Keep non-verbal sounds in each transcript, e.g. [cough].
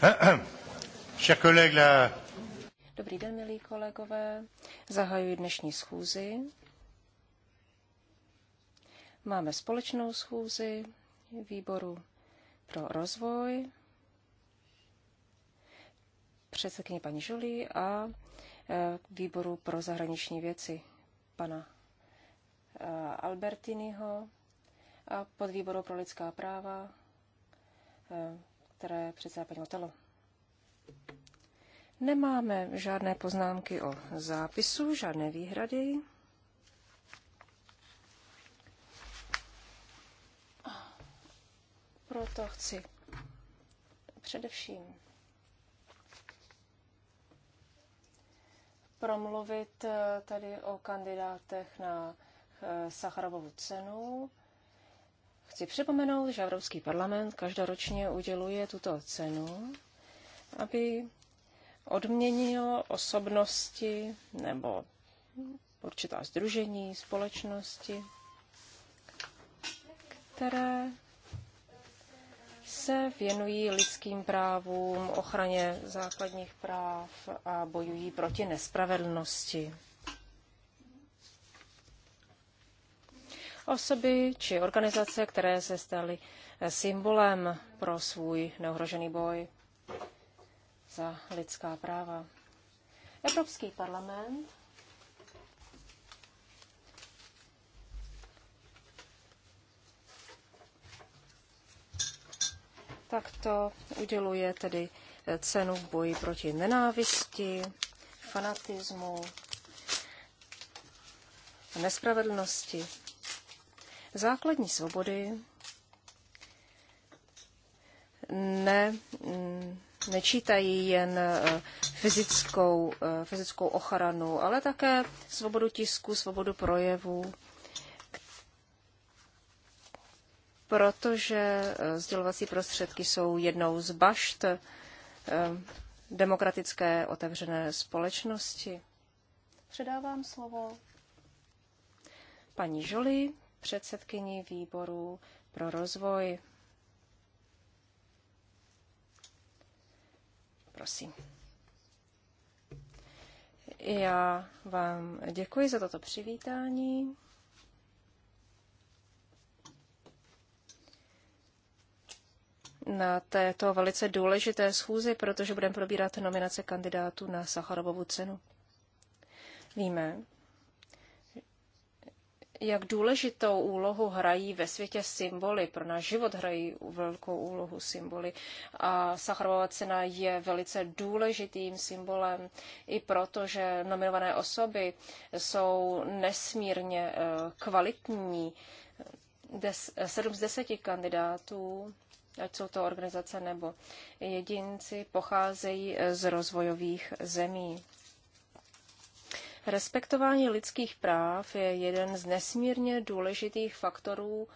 [clears throat] Dobrý den, milí kolegové. Zahajuji dnešní schůzi. Máme společnou schůzi výboru pro rozvoj, předsedkyně paní Žulí a e, výboru pro zahraniční věci pana e, Albertiniho a podvýboru pro lidská práva e, které předsedá paní Otelo. Nemáme žádné poznámky o zápisu, žádné výhrady. Proto chci především promluvit eh, tady o kandidátech na eh, Sacharovovu cenu. Chci připomenout, že Evropský parlament každoročně uděluje tuto cenu, aby odměnil osobnosti nebo určitá združení, společnosti, které se věnují lidským právům, ochraně základních práv a bojují proti nespravedlnosti. osoby či organizace, které se staly eh, symbolem pro svůj neohrožený boj za lidská práva. Evropský parlament takto uděluje tedy eh, cenu v boji proti nenávisti, fanatismu, nespravedlnosti. Základní svobody ne, nečítají jen e, fyzickou, e, fyzickou ochranu, ale také svobodu tisku, svobodu projevu, protože e, sdělovací prostředky jsou jednou z bašt demokratické otevřené společnosti. Předávám slovo paní Žoli, předsedkyni výboru pro rozvoj. Prosím. Já vám děkuji za toto přivítání. na této velice důležité schůzi, protože budeme probírat nominace kandidátů na Sacharovovu cenu. Víme, jak důležitou úlohu hrají ve světě symboly. Pro náš život hrají velkou úlohu symboly. A Sacharová cena je velice důležitým symbolem i proto, že nominované osoby jsou nesmírně eh, kvalitní. sedm z deseti kandidátů ať jsou to organizace nebo jedinci, pocházejí eh, z rozvojových zemí. Respektování lidských práv je jeden z nesmírně důležitých faktorů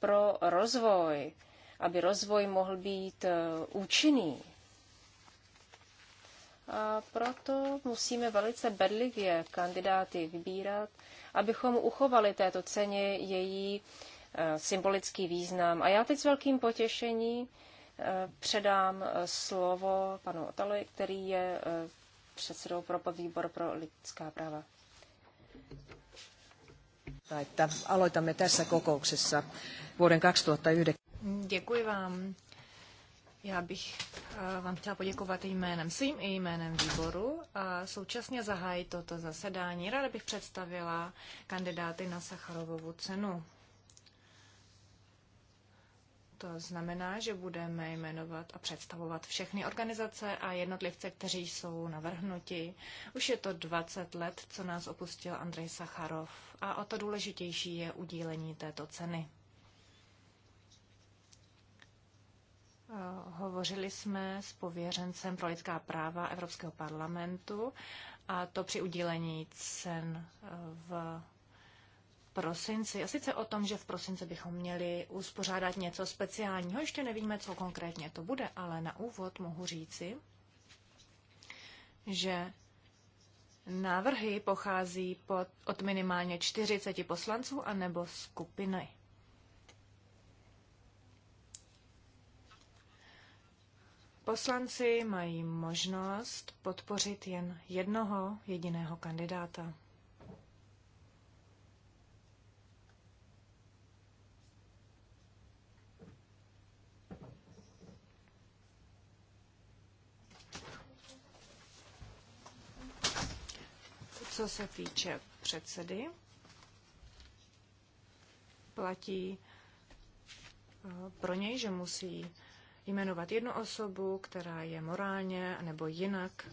pro rozvoj, aby rozvoj mohl být e, účinný. A proto musíme velice bedlivě kandidáty vybírat, abychom uchovali této ceně její e, symbolický význam. A já teď s velkým potěšením e, předám slovo panu Otalovi, který je předsedou pro podvýbor pro lidská práva. aloitamme tässä kokouksessa vuoden 2009. Děkuji vám. Já bych eh, vám chtěla poděkovat jménem svým i jménem výboru a současně zahájit toto zasedání. Ráda bych představila kandidáty na Sacharovovu cenu. To znamená, že budeme jmenovat a představovat všechny organizace a jednotlivce, kteří jsou navrhnuti. Už je to 20 let, co nás opustil Andrej Sacharov a o to důležitější je udílení této ceny. Hovořili jsme s pověřencem pro lidská práva Evropského parlamentu a to při udílení cen v prosinci. A sice o tom, že v prosinci bychom měli uspořádat něco speciálního. Ještě nevíme, co konkrétně to bude, ale na úvod mohu říci, že návrhy pochází pod, od minimálně 40 poslanců anebo skupiny. Poslanci mají možnost podpořit jen jednoho jediného kandidáta. Co se týče předsedy, platí eh, pro něj, že musí jmenovat jednu osobu, která je morálně nebo jinak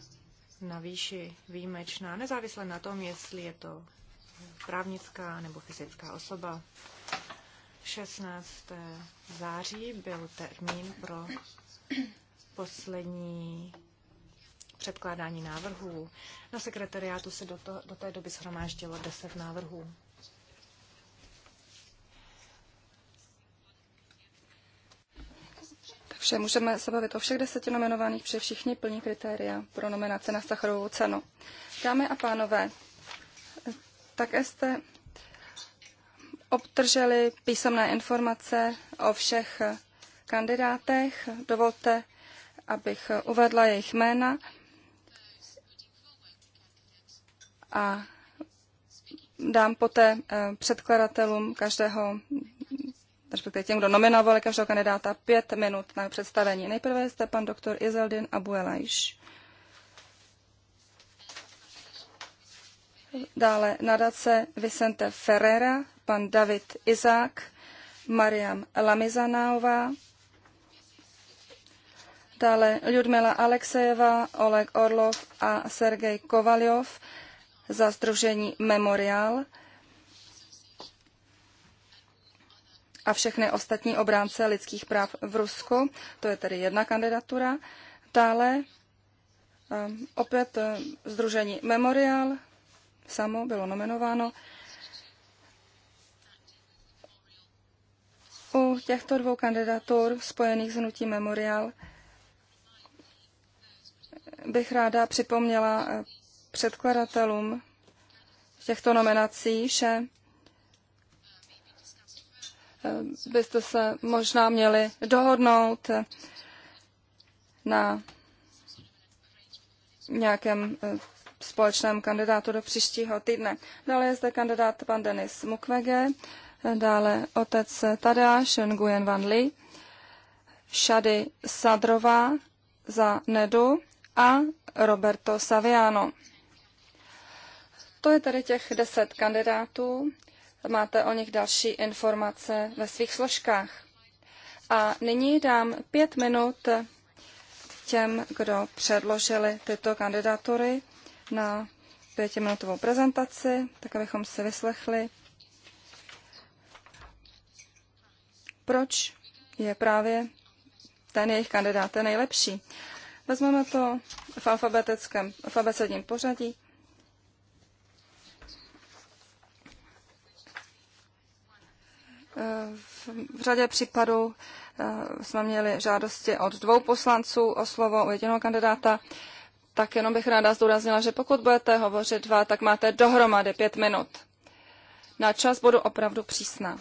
na výši výjimečná, nezávisle na tom, jestli je to právnická nebo fyzická osoba. 16. září byl termín pro poslední předkládání návrhů. Na sekretariátu se do, to, do té doby shromáždilo 10 návrhů. Takže můžeme se bavit o všech deseti nominovaných, protože všichni plní kritéria pro nominaci na Sacharovou cenu. Dámy a pánové, tak jste obdrželi písemné informace o všech kandidátech. Dovolte, abych uvedla jejich jména. a dám poté eh, předkladatelům každého, respektive těm, kdo nominovali každého kandidáta, pět minut na představení. Nejprve jste pan doktor Izeldin Abuelajš. Dále nadace Vicente Ferrera, pan David Izák, Mariam Lamizanáová, dále Ludmila Alexejeva, Oleg Orlov a Sergej Kovaljov za združení Memorial a všechny ostatní obránce lidských práv v Rusku. To je tedy jedna kandidatura. Dále ehm, opět ehm, združení Memorial samo bylo nominováno. U těchto dvou kandidatur spojených s hnutím Memorial bych ráda připomněla předkladatelům těchto nominací, že eh, byste se možná měli dohodnout eh, na nějakém eh, společném kandidátu do příštího týdne. Dále je zde kandidát pan Denis Mukwege, dále otec Tadeáš Nguyen Van Li, Shady Sadrova za Nedu a Roberto Saviano. To je tedy těch deset kandidátů. Máte o nich další informace ve svých složkách. A nyní dám pět minut těm, kdo předložili tyto kandidatury na pětiminutovou prezentaci, tak abychom si vyslechli, proč je právě ten jejich kandidát nejlepší. Vezmeme to v alfabetickém, alfabetickém pořadí. V řadě případů eh, jsme měli žádosti od dvou poslanců o slovo u jediného kandidáta, tak jenom bych ráda zdůraznila, že pokud budete hovořit dva, tak máte dohromady pět minut. Na čas budu opravdu přísná.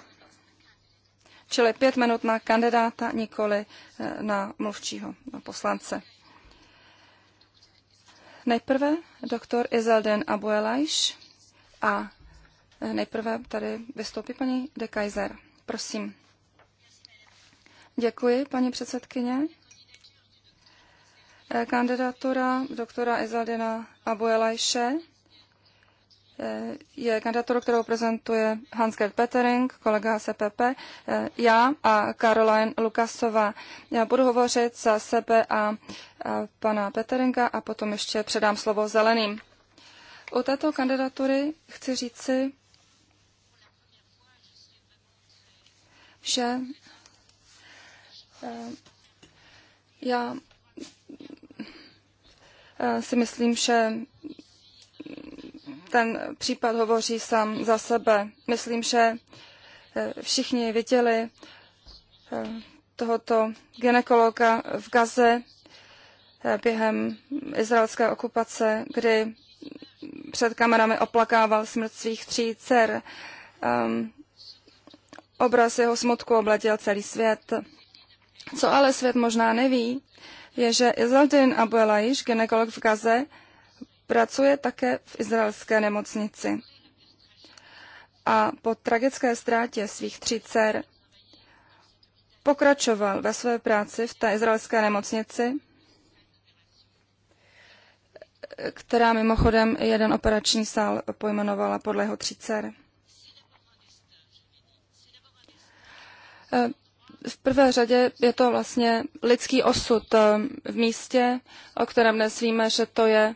Čili pět minut na kandidáta, nikoli eh, na mluvčího, na poslance. Nejprve doktor Izelden Abuelajš a Nejprve tady vystoupí paní de Kaiser. Prosím. Děkuji, paní předsedkyně. Eh, kandidatura doktora Izadina Abuelajše eh, je kandidaturu, kterou prezentuje Hans-Gerd Petering, kolega SPP, e eh, já a Caroline Lukasová. Já budu hovořit za sebe a, a pana Peteringa a potom ještě předám slovo zeleným. U této kandidatury chci říci, že eh, já eh, si myslím, že ten případ hovoří sám za sebe. Myslím, že eh, všichni viděli tohoto ginekologa v Gaze během izraelské okupace, kdy před kamerami oplakával smrt svých tří dcer. Ehm, Obraz jeho smutku obletěl celý svět. Co ale svět možná neví, je, že Izaldin Abu Elaiš, ginekolog v Gaze, pracuje také v izraelské nemocnici. A po tragické ztrátě svých tří dcer pokračoval ve své práci v té izraelské nemocnici, která mimochodem jeden operační sál pojmenovala podle jeho tří dcer. Eh, v prvé řadě je to vlastně lidský osud eh, v místě, o kterém dnes víme, že to je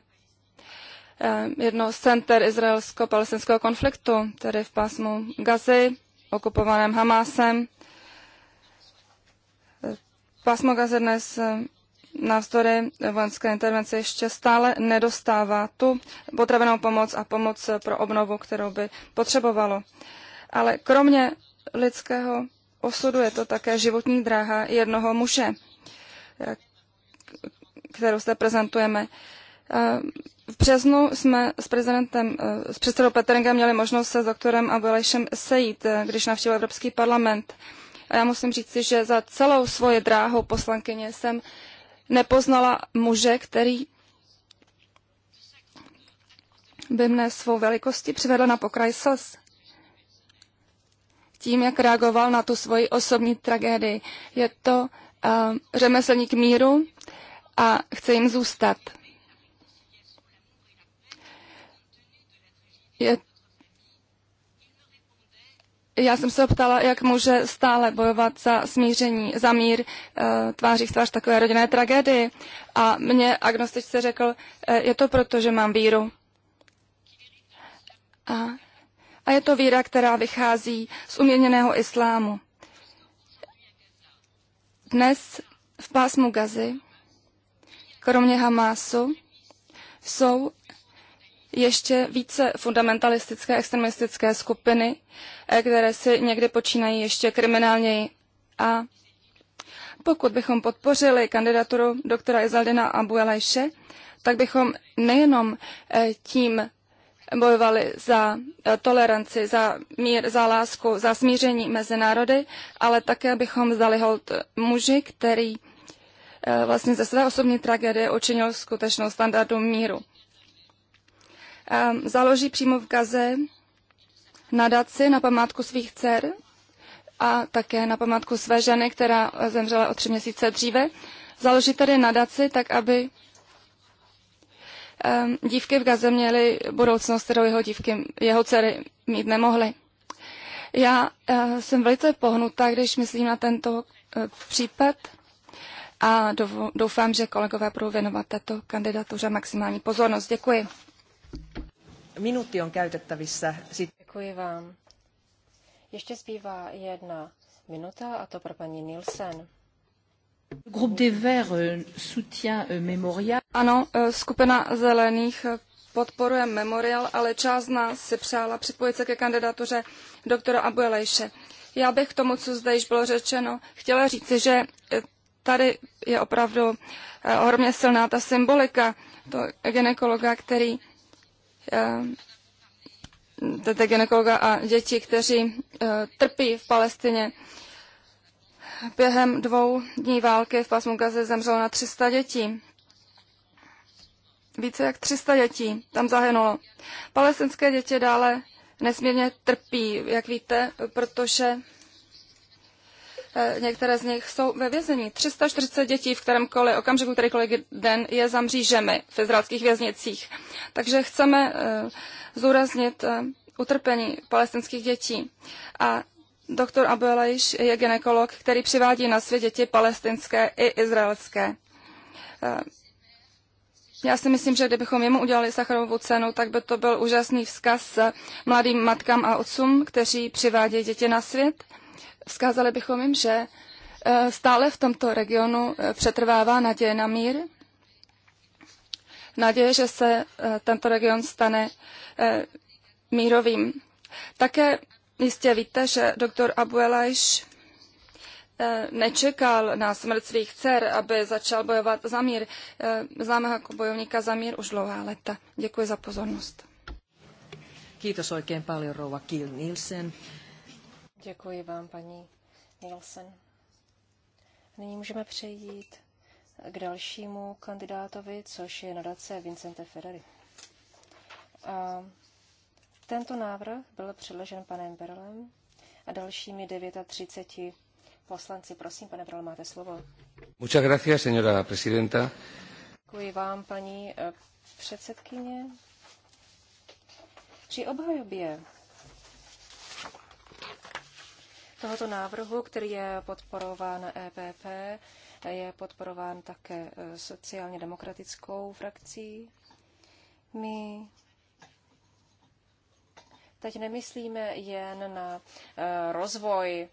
eh, jedno z center izraelsko-palestinského konfliktu, tedy v pásmu Gazy, okupovaném Hamásem. Pásmo Gazy dnes navzdory vojenské intervence ještě stále nedostává tu potravenou pomoc a pomoc pro obnovu, kterou by potřebovalo. Ale kromě lidského osudu, je to také životní dráha jednoho muže, kterou zde prezentujeme. V březnu jsme s prezidentem, eh, s předsedou Peteringem měli možnost se s doktorem Abelešem sejít, eh, když navštívil Evropský parlament. A já musím říct že za celou svoji dráhu poslankyně jsem nepoznala muže, který by mne svou velikosti přivedl na pokraj slz tím, jak reagoval na tu svoji osobní tragédii. Je to uh, řemeslník míru a chce jim zůstat. Je já jsem se ptala, jak může stále bojovat za smíření, za mír eh, tváří v tvář takové rodinné tragédii. A mě agnostičce řekl, eh, je to proto, že mám víru. A a je to víra, která vychází z uměněného islámu. Dnes v pásmu Gazy, kromě Hamásu, jsou ještě více fundamentalistické extremistické skupiny, eh, které si někdy počínají ještě kriminálněji. A pokud bychom podpořili kandidaturu doktora Izaldina Abuelajše, tak bychom nejenom eh, tím bojovali za eh, toleranci, za mír, za lásku, za smíření mezi národy, ale také bychom vzdali hold muži, který eh, vlastně ze své osobní tragédie učinil skutečnou standardu míru. Eh, založí přímo v Gaze nadaci na památku svých dcer a také na památku své ženy, která zemřela o tři měsíce dříve. Založí tedy nadaci tak, aby Ehm, dívky v Gaze měly budoucnost, kterou jeho dívky, jeho dcery mít nemohly. Já eh, jsem velice pohnutá, když myslím na tento eh, případ a doufám, že kolegové budou věnovat této kandidatuře maximální pozornost. Děkuji. Minuty on käytettävissä. Děkuji vám. Ještě zbývá jedna minuta a to pro paní Nielsen. Euh, euh, ano, eh, skupina zelených eh, podporuje Memorial, ale část z nás si přála připojit se ke kandidatuře doktora Abuelejše. Já bych k tomu, co zde již bylo řečeno, chtěla říct, že eh, tady je opravdu ohromně silná ta symbolika toho ginekologa, který tedy ginekologa a děti, kteří trpí v Palestině během dvou dní války v pásmu Gazy zemřelo na 300 dětí. Více jak 300 dětí tam zahynulo. Palestinské děti dále nesmírně trpí, jak víte, protože eh, některé z nich jsou ve vězení. 340 dětí v kterémkoliv okamžiku, kterýkoliv den je za mřížemi v izraelských věznicích. Takže chceme eh, zúraznit eh, utrpení palestinských dětí. A Doktor Abelejš je ginekolog, který přivádí na svět děti palestinské i izraelské. Eh, já si myslím, že kdybychom jemu udělali sacharovou cenu, tak by to byl úžasný vzkaz mladým matkám a otcům, kteří přivádějí děti na svět. Vzkázali bychom jim, že eh, stále v tomto regionu eh, přetrvává naděje na mír, naděje, že se tento region stane mírovým. Také Jistě víte, že doktor Abuelajš eh, nečekal na smrt svých dcer, aby začal bojovat za mír. Eh, známe ho jako bojovníka za mír už dlouhá leta. Děkuji za pozornost. Kiitos oikein paljon, rouva Kiel Nielsen. Děkuji vám, paní Nielsen. Nyní můžeme přejít k dalšímu kandidátovi, což je nadace Vincente Ferrari. A tento návrh byl přiložen panem Berlem a dalšími 39 poslanci. Prosím, pane Berlem, máte slovo. Muchas gracias, señora presidenta. Děkuji vám, paní eh, předsedkyně. Při obhajobě tohoto návrhu, který je podporován EPP, je podporován také eh, sociálně demokratickou frakcí. My Teď nemyslíme jen na eh, rozvoj,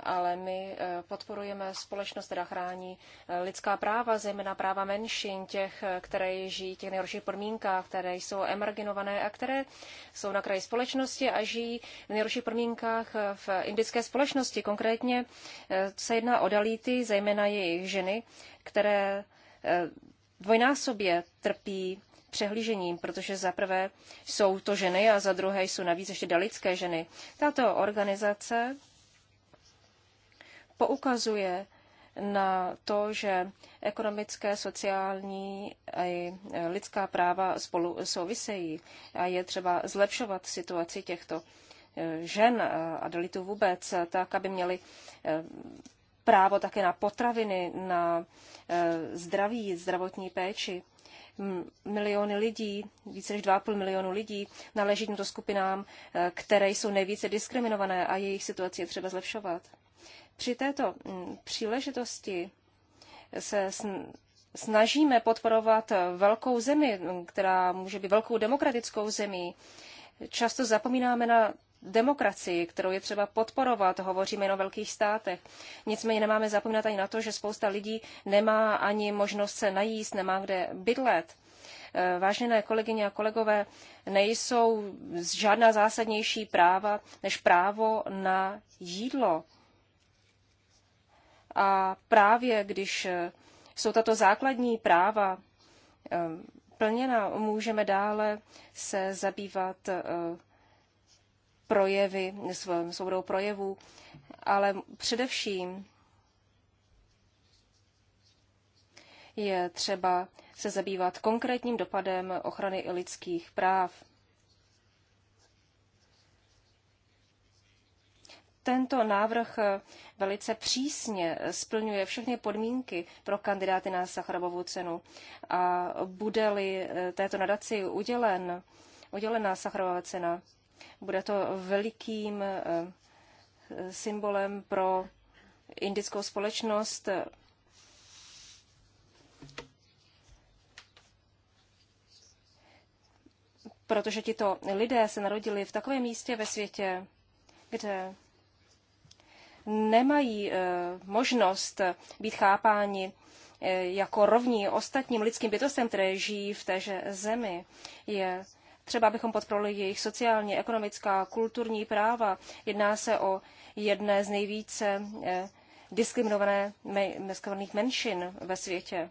ale my eh, podporujeme společnost, která chrání eh, lidská práva, zejména práva menšin, těch, které žijí v těch nejhorších podmínkách, které jsou emarginované a které jsou na kraji společnosti a žijí v nejhorších podmínkách v indické společnosti. Konkrétně se jedná o dalíty, zejména jejich ženy, které dvojnásobě trpí přehlížením, protože za prvé jsou to ženy a za druhé jsou navíc ještě dalické ženy. Tato organizace poukazuje na to, že ekonomické, sociální a lidská práva spolu souvisejí a je třeba zlepšovat situaci těchto eh, žen a dalitů vůbec, tak, aby měli eh, právo také na potraviny, na eh, zdraví, zdravotní péči miliony lidí, více než 2,5 milionu lidí náleží těmto skupinám, eh, které jsou nejvíce diskriminované a jejich situaci je třeba zlepšovat. Při této příležitosti se snažíme podporovat velkou zemi, která může být velkou demokratickou zemí. Často zapomínáme na demokracii, kterou je třeba podporovat, hovoříme jen o velkých státech. Nicméně nemáme zapomínat ani na to, že spousta lidí nemá ani možnost se najíst, nemá kde bydlet. Eh, vážené kolegyně a kolegové, nejsou žádná zásadnější práva než právo na jídlo. A právě když eh, jsou tato základní práva eh, plněna, můžeme dále se zabývat projevy, svobodou projevů, ale především je třeba se zabývat konkrétním dopadem ochrany lidských práv. Tento návrh velice přísně splňuje všechny podmínky pro kandidáty na Sacharovovu cenu a bude-li eh, této nadaci udělen, udělená Sacharová cena, bude to velikým eh, symbolem pro indickou společnost. Protože tito lidé se narodili v takovém místě ve světě, kde nemají eh, možnost být chápáni eh, jako rovní ostatním lidským bytostem, které žijí v téže zemi. Je třeba abychom podporovali jejich sociální, ekonomická, kulturní práva. Jedná se o jedné z nejvíce eh, diskriminovaných menšin ve světě.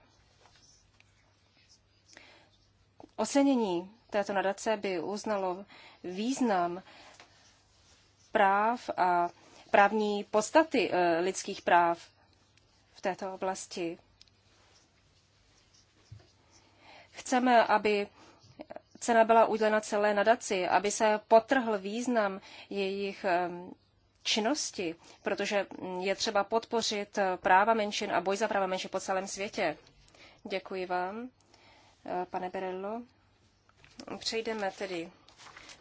Ocenění této nadace by uznalo význam práv a právní podstaty eh, lidských práv v této oblasti. Chceme, aby cena byla udělena celé nadaci, aby se potrhl význam jejich činnosti, protože mm, je třeba podpořit eh, práva menšin a boj za práva menšin po celém světě. Děkuji vám, eh, pane Berello. Přejdeme tedy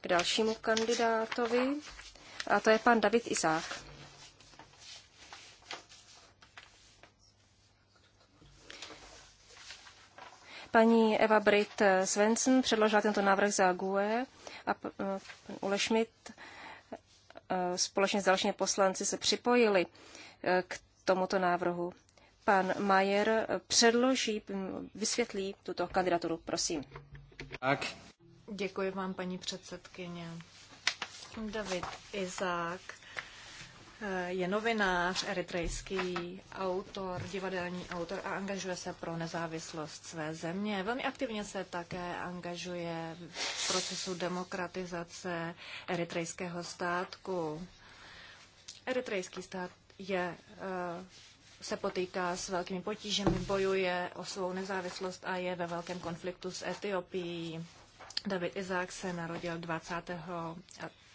k dalšímu kandidátovi, a to je pan David Izák. Paní Eva Britt Svensson předložila tento návrh za GUE a pan Ule Schmidt eh, společně s dalšími poslanci se připojili eh, k tomuto návrhu. Pan Majer předloží, vysvětlí tuto kandidaturu, prosím. Tak. Děkuji vám, paní předsedkyně. David Izák je novinář, eritrejský autor, divadelní autor a angažuje se pro nezávislost své země. Velmi aktivně se také angažuje v procesu demokratizace eritrejského státku. Eritrejský stát je, eh, se potýká s velkými potížemi, bojuje o svou nezávislost a je ve velkém konfliktu s Etiopií. David Izák se narodil 20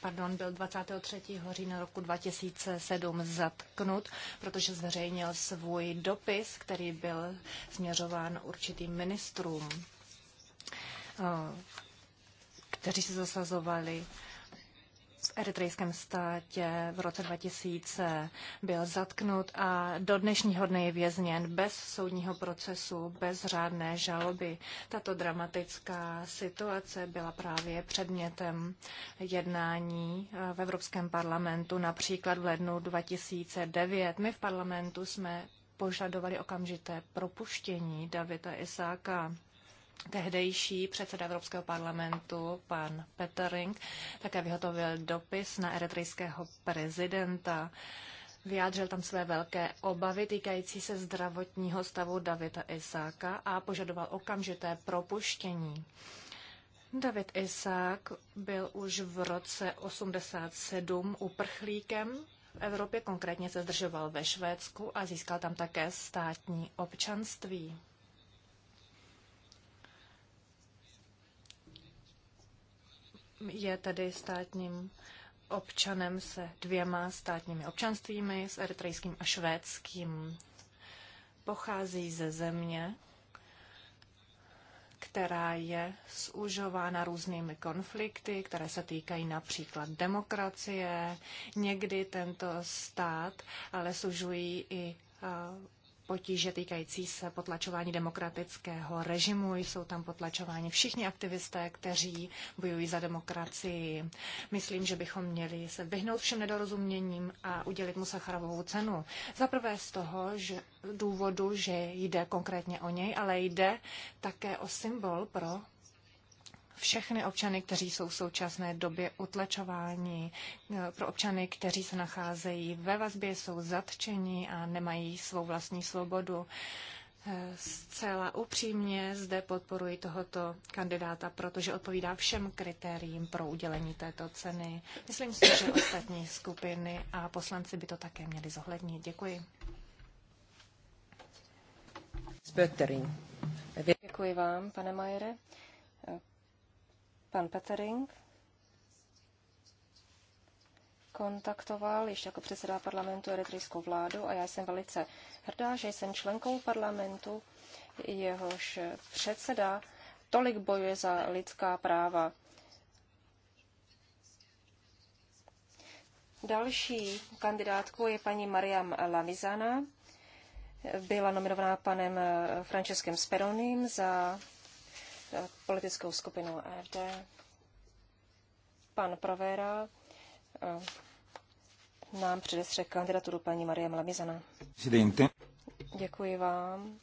pardon, byl 23. října roku 2007 zatknut, protože zveřejnil svůj dopis, který byl směřován určitým ministrům, eh, kteří se zasazovali v eritrejském státě v roce 2000 byl zatknut a do dnešního dne je vězněn bez soudního procesu, bez řádné žaloby. Tato dramatická situace byla právě předmětem jednání eh, v Evropském parlamentu, například v lednu 2009. My v parlamentu jsme požadovali okamžité propuštění Davida Isáka tehdejší předseda Evropského parlamentu, pan Petering, také vyhotovil dopis na eritrejského prezidenta. Vyjádřil tam své velké obavy týkající se zdravotního stavu Davida Isáka a požadoval okamžité propuštění. David Isák byl už v roce 87 uprchlíkem v Evropě, konkrétně se zdržoval ve Švédsku a získal tam také státní občanství. je tedy státním občanem se dvěma státními občanstvími, s eritrejským a švédským. Pochází ze země, která je zúžována různými konflikty, které se týkají například demokracie. Někdy tento stát ale sužují i potíže týkající se potlačování demokratického režimu, jsou tam potlačováni všichni aktivisté, kteří bojují za demokracii. Myslím, že bychom měli se vyhnout všem nedorozuměním a udělit mu Sacharovou cenu. Za prvé z toho, že důvodu, že jde konkrétně o něj, ale jde také o symbol pro všechny občany, kteří jsou v současné době utlačováni, eh, pro občany, kteří se nacházejí ve vazbě, jsou zatčeni a nemají svou vlastní svobodu. Eh, zcela upřímně zde podporuji tohoto kandidáta, protože odpovídá všem kritériím pro udělení této ceny. Myslím si, že ostatní skupiny a poslanci by to také měli zohlednit. Děkuji. Děkuji vám, pane Majere pan Petering kontaktoval ještě jako předseda parlamentu eritrejskou vládu a já jsem velice hrdá, že jsem členkou parlamentu, jehož předseda tolik bojuje za lidská práva. Další kandidátkou je paní Mariam Lamizana. Byla nominovaná panem Franceskem Speronim za politickou skupinou RD. E Pan Provera eh, nám předestře kandidaturu paní Marie Mlamizana. Děkuji vám.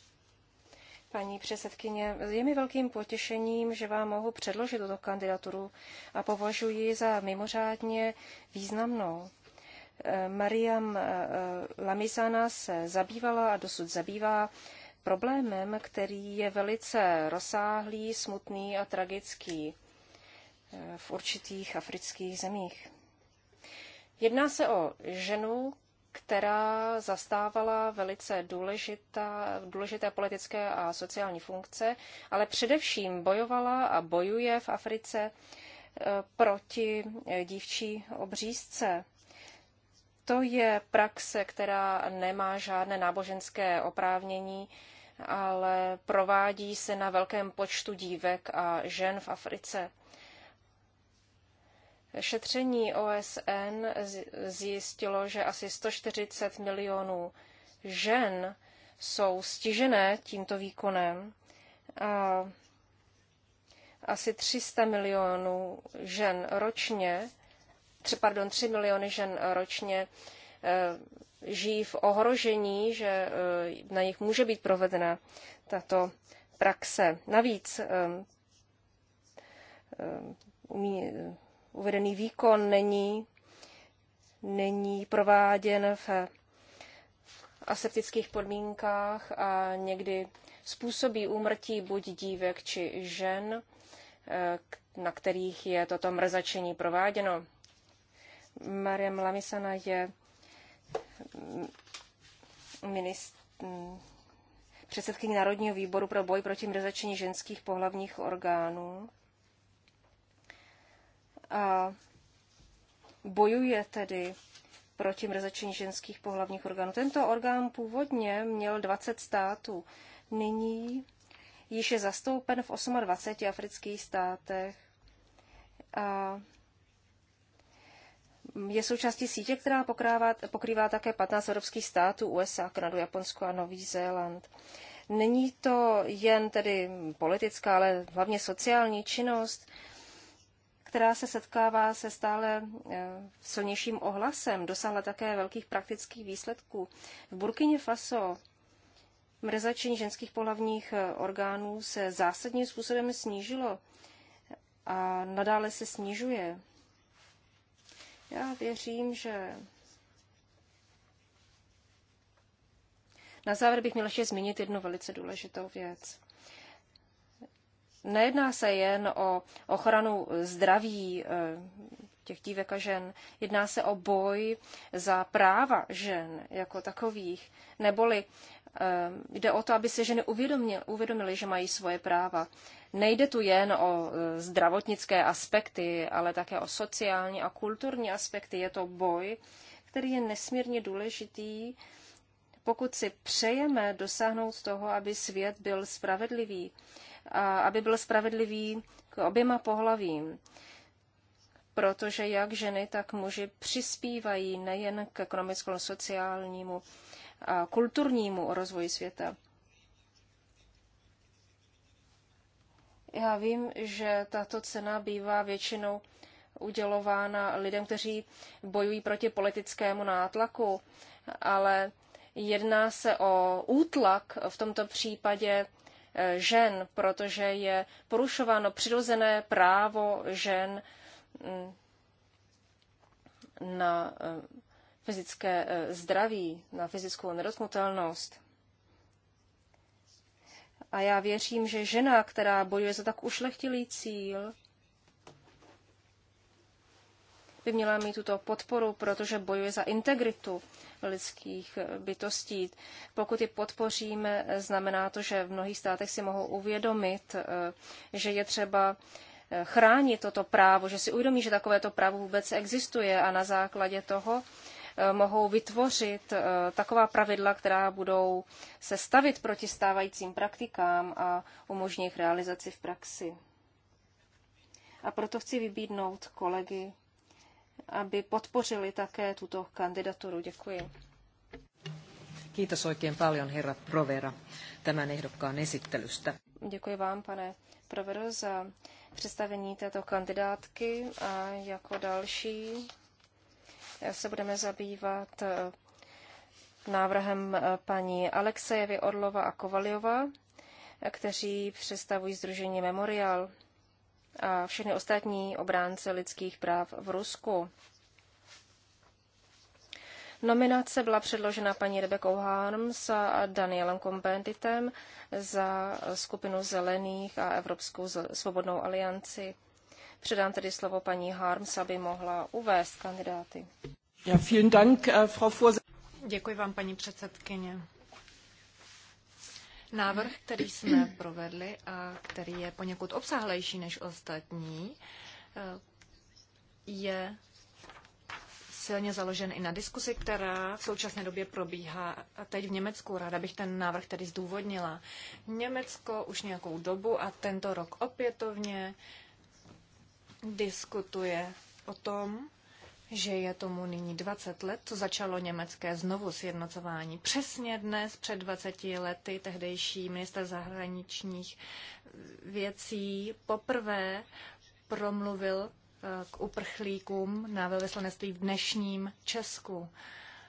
Paní předsedkyně, je mi velkým potěšením, že vám mohu předložit tuto kandidaturu a považuji za mimořádně významnou. Eh, Mariam eh, Lamizana se zabývala a dosud zabývá problémem, který je velice rozsáhlý, smutný a tragický eh, v určitých afrických zemích. Jedná se o ženu, která zastávala velice důležitá, důležité politické a sociální funkce, ale především bojovala a bojuje v Africe eh, proti eh, dívčí obřízce. To je praxe, která nemá žádné náboženské oprávnění, ale provádí se na velkém počtu dívek a žen v Africe. Šetření OSN zjistilo, že asi 140 milionů žen jsou stižené tímto výkonem a asi 300 milionů žen ročně tři, pardon, miliony žen ročně eh, žijí v ohrožení, že eh, na nich může být provedena tato praxe. Navíc eh, umí, uvedený výkon není, není prováděn v aseptických podmínkách a někdy způsobí úmrtí buď dívek či žen, na kterých je toto mrzačení prováděno. Mariam Lamisana je minist, předsedkyní Národního výboru pro boj proti mrzačení ženských pohlavních orgánů. A bojuje tedy proti mrzačení ženských pohlavních orgánů. Tento orgán původně měl 20 států. Nyní již je zastoupen v 28 afrických státech. A je součástí sítě, která pokrývá, pokrývá také 15 evropských států, USA, Kanadu, Japonsko a Nový Zéland. Není to jen tedy politická, ale hlavně sociální činnost, která se setkává se stále eh, silnějším ohlasem, dosáhla také velkých praktických výsledků. V Burkině Faso mrzačení ženských pohlavních eh, orgánů se zásadním způsobem snížilo a nadále se snižuje. Já věřím, že na závěr bych měla ještě zmínit jednu velice důležitou věc. Nejedná se jen o ochranu zdraví eh, těch dívek a žen. Jedná se o boj za práva žen jako takových, neboli Eh, jde o to, aby se ženy uvědomily, uvědomili, že mají svoje práva. Nejde tu jen o eh, zdravotnické aspekty, ale také o sociální a kulturní aspekty. Je to boj, který je nesmírně důležitý, pokud si přejeme dosáhnout toho, aby svět byl spravedlivý, a aby byl spravedlivý k oběma pohlavím. Protože jak ženy, tak muži přispívají nejen k ekonomicko-sociálnímu kulturnímu rozvoji světa. Já vím, že tato cena bývá většinou udělována lidem, kteří bojují proti politickému nátlaku, ale jedná se o útlak v tomto případě e, žen, protože je porušováno přirozené právo žen mm, na e, fyzické eh, zdraví, na fyzickou nedotknutelnost. A já věřím, že žena, která bojuje za tak ušlechtilý cíl, by měla mít tuto podporu, protože bojuje za integritu lidských eh, bytostí. Pokud ji podpoříme, eh, znamená to, že v mnohých státech si mohou uvědomit, že je třeba chránit toto právo, že si uvědomí, že takovéto právo vůbec existuje a na základě toho Eh, mohou vytvořit eh, taková pravidla, která budou se stavit proti stávajícím praktikám a umožní jejich realizaci v praxi. A proto chci vybídnout kolegy, aby podpořili také tuto kandidaturu. Děkuji. Kiitos oikein paljon, herra Provera, tämän ehdokkaan esittelystä. Děkuji vám, pane Provero, za představení této kandidátky a jako další se budeme zabývat eh, návrhem eh, paní Alexejevy Orlova a Kovaliova, eh, kteří představují Združení Memorial a všechny ostatní obránce lidských práv v Rusku. Nominace byla předložena paní Rebekou Harms a Danielem Kompentitem za skupinu Zelených a Evropskou svobodnou alianci. Předám tedy slovo paní Harms, aby mohla uvést kandidáty. Ja, vielen Dank, äh, Frau Děkuji vám, paní předsedkyně. Návrh, který jsme [clears throat] provedli a který je poněkud obsáhlejší než ostatní, eh, je silně založen i na diskusi, která v současné době probíhá teď v Německu. Ráda bych ten návrh tedy zdůvodnila. Německo už nějakou dobu a tento rok opětovně diskutuje o tom, že je tomu nyní 20 let, co začalo německé znovu sjednocování. Přesně dnes, před 20 lety, tehdejší minister zahraničních věcí poprvé promluvil eh, k uprchlíkům na velvyslanectví v dnešním Česku.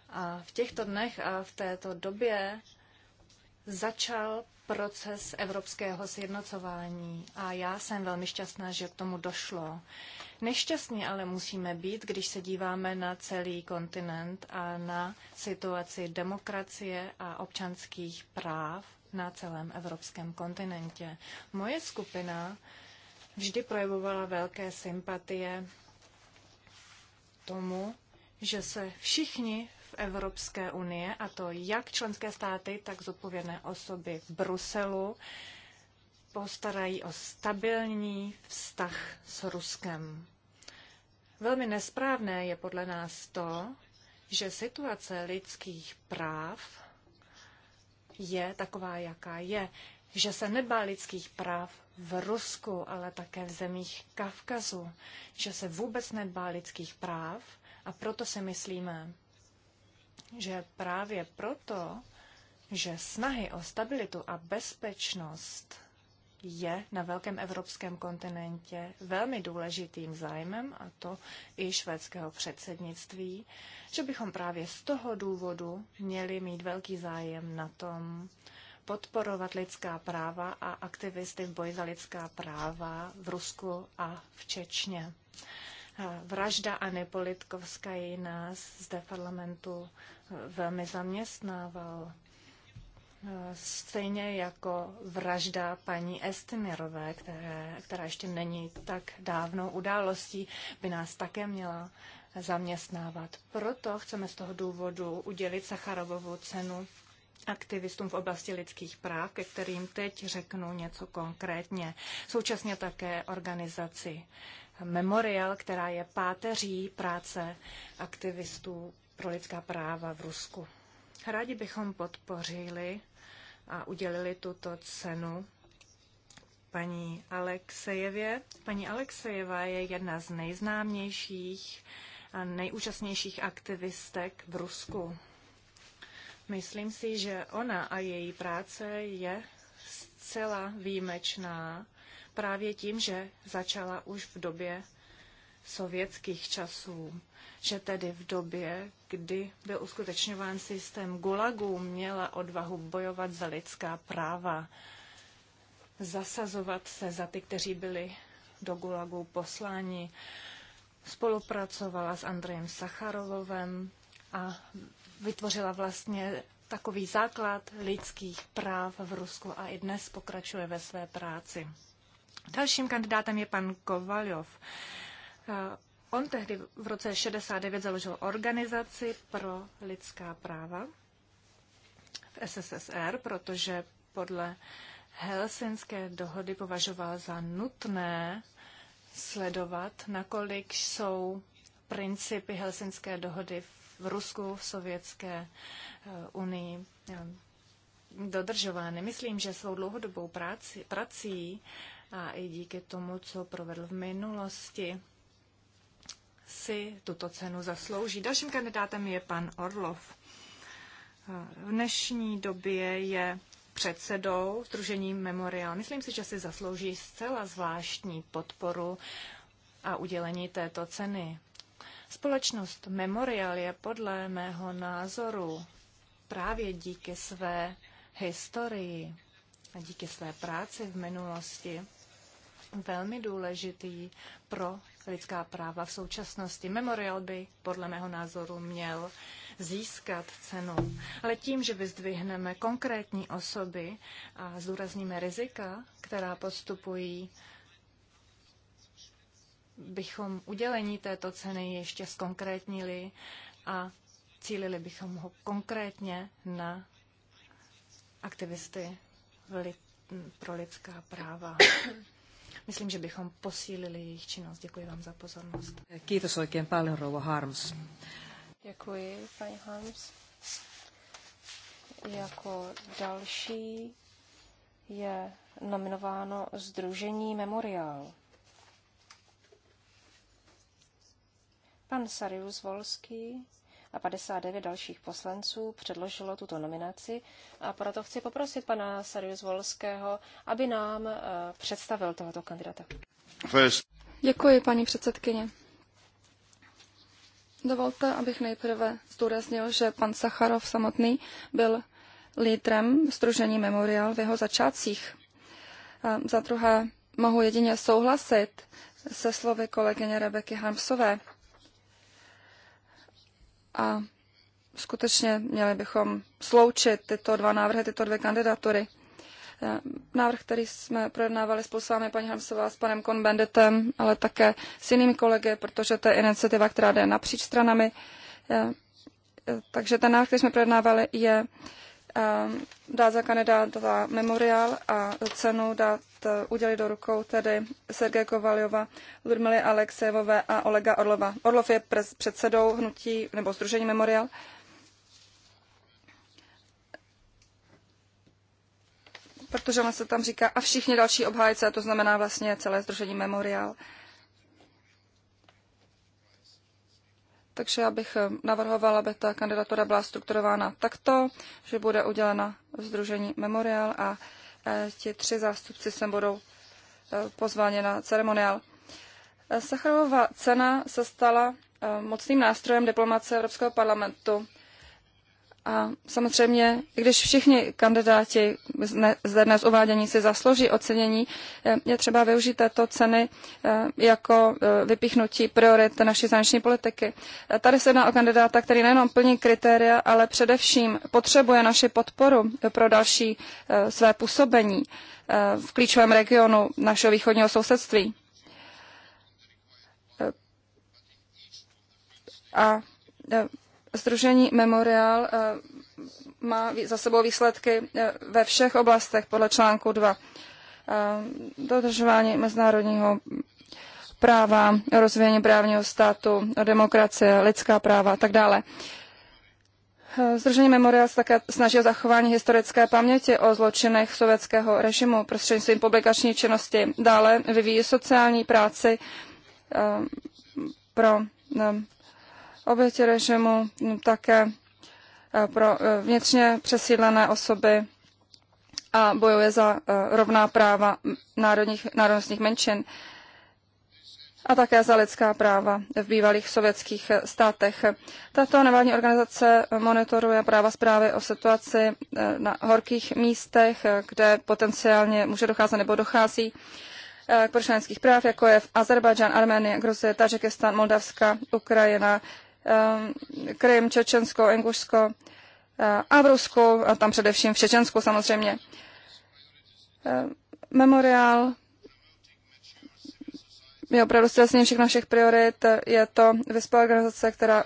A v těchto dnech a v této době začal proces evropského sjednocování a já jsem velmi šťastná, že k tomu došlo. Nešťastní ale musíme být, když se díváme na celý kontinent a na situaci demokracie a občanských práv na celém evropském kontinentě. Moje skupina vždy projevovala velké sympatie tomu, že se všichni Evropské unie, a to jak členské státy, tak zodpovědné osoby v Bruselu, postarají o stabilní vztah s Ruskem. Velmi nesprávné je podle nás to, že situace lidských práv je taková, jaká je. Že se nedbá lidských práv v Rusku, ale také v zemích Kavkazu. Že se vůbec nedbá lidských práv a proto si myslíme, že právě proto, že snahy o stabilitu a bezpečnost je na velkém evropském kontinentě velmi důležitým zájmem, a to i švédského předsednictví, že bychom právě z toho důvodu měli mít velký zájem na tom, podporovat lidská práva a aktivisty v boji za lidská práva v Rusku a v Čečně. Vražda Anny Politkovské nás zde v parlamentu e, velmi zaměstnával. E, stejně jako vražda paní Estimirové, které, která ještě není tak dávnou událostí, by nás také měla zaměstnávat. Proto chceme z toho důvodu udělit Sacharovovu cenu aktivistům v oblasti lidských práv, ke kterým teď řeknu něco konkrétně. Současně také organizaci Memorial, která je páteří práce aktivistů pro lidská práva v Rusku. Rádi bychom podpořili a udělili tuto cenu paní Alexejevě. Paní Alexejeva je jedna z nejznámějších a nejúčastnějších aktivistek v Rusku. Myslím si, že ona a její práce je zcela výjimečná právě tím, že začala už v době sovětských časů, že tedy v době, kdy byl uskutečňován systém gulagů měla odvahu bojovat za lidská práva, zasazovat se za ty, kteří byli do gulagů posláni, spolupracovala s Andrejem Sacharovovem a vytvořila vlastně takový základ lidských práv v Rusku a i dnes pokračuje ve své práci. Dalším kandidátem je pan Kovaljov. Eh, on tehdy v roce 69 založil organizaci pro lidská práva v SSSR, protože podle Helsinské dohody považoval za nutné sledovat, nakolik jsou principy Helsinské dohody v Rusku, v Sovětské eh, unii eh, dodržovány. Myslím, že svou dlouhodobou práci, prací a i díky tomu, co provedl v minulosti, si tuto cenu zaslouží. Dalším kandidátem je pan Orlov. V dnešní době je předsedou Združení Memorial. Myslím si, že si zaslouží zcela zvláštní podporu a udělení této ceny. Společnost Memorial je podle mého názoru právě díky své historii a díky své práci v minulosti velmi důležitý pro lidská práva v současnosti. Memorial by podle mého názoru měl získat cenu. Ale tím, že vyzdvihneme konkrétní osoby a zdůrazníme rizika, která postupují, bychom udělení této ceny ještě zkonkrétnili a cílili bychom ho konkrétně na aktivisty pro lidská práva. Myslím, že bychom posílili jejich činnost. Děkuji vám za pozornost. Kiitos oikein paljon, rouva Harms. Děkuji, paní Harms. Jako další je nominováno Združení Memoriál. Pan Sarius Volský a 59 dalších poslanců předložilo tuto nominaci a proto chci poprosit pana Sarius Volského, aby nám eh, představil tohoto kandidata. Děkuji, paní předsedkyně. Dovolte, abych nejprve zdůraznil, že pan Sacharov samotný byl lídrem Združení Memorial v jeho začátcích. A za druhé mohu jedině souhlasit se slovy kolegyně Rebeky Harmsové a skutečně měli bychom sloučit tyto dva návrhy, tyto dvě kandidatury. Eh, návrh, který jsme projednávali spolu s vámi, paní Hamsová, s panem Konbendetem, ale také s jinými kolegy, protože to je iniciativa, která jde napříč stranami. Eh, eh, Takže ten návrh, který jsme projednávali, je dát za kandidáta memoriál a cenu dát Eh, udělit do rukou tedy Sergeje Kovaljova, Ludmily Alexejevové a Olega Orlova. Orlov je předsedou hnutí nebo Združení Memorial. protože ona se tam říká a všichni další obhájce, a to znamená vlastně celé Združení Memorial. Takže já bych eh, navrhovala, aby ta kandidatura byla strukturována takto, že bude udělena Združení Memorial a Eh, ti tři zástupci sem budou eh, pozváni na ceremoniál. Eh, Sacharová cena se stala mocným nástrojem diplomace Evropského parlamentu a samozřejmě, když všichni kandidáti zde dnes uvádění si zaslouží ocenění, eh, je třeba využít této ceny eh, jako eh, vypíchnutí priorit naší zahraniční politiky. Tady se jedná o kandidáta, který nejenom plní kritéria, ale především potřebuje naši podporu pro další své působení v klíčovém regionu našeho východního sousedství. A Združení Memorial eh, má za sebou výsledky eh, ve všech oblastech podle článku 2. Eh, dodržování mezinárodního práva, rozvíjení právního státu, demokracie, lidská práva a tak dále. Združení Memorial se také snaží o zachování historické paměti o zločinech sovětského režimu prostřednictvím publikační činnosti. Dále vyvíjí sociální práci pro oběti režimu, mm, také eh, pro eh, vnitřně přesídlené osoby a bojuje za eh, rovná práva národních, národnostních menšin a také za lidská práva v bývalých sovětských státech. Tato nevládní organizace monitoruje práva zprávy o situaci na horkých místech, kde potenciálně může docházet nebo dochází k porušování práv, jako je v Azerbajdžán, Arménie, Gruzie, Tadžikistán, Moldavska, Ukrajina, Eh, Krym, Čečensko, Engušsko eh, a v Rusku, a tam především v Čečensku samozřejmě. Eh, memoriál je opravdu stresním všech našich priorit. Je to vyspělá organizace, která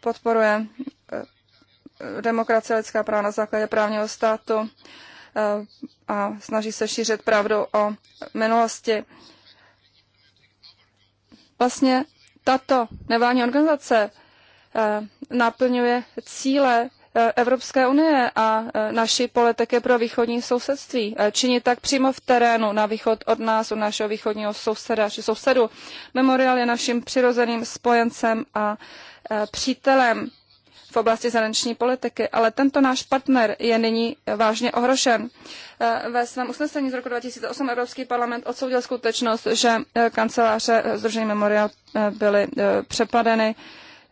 podporuje demokracie lidská práva na základě právního státu a snaží se šířit pravdu o minulosti. Vlastně tato nevládní organizace eh, naplňuje cíle eh, Evropské unie a eh, naší politiky pro východní sousedství. Činí tak přímo v terénu na východ od nás, od našeho východního souseda či sousedu. Memorial je naším přirozeným spojencem a přítelem v oblasti zahraniční politiky, ale tento náš partner je nyní vážně ohrošen. Eh, ve svém usnesení z roku 2008 Evropský parlament odsoudil skutečnost, že eh, kanceláře eh, Združení Memorial byly přepadeny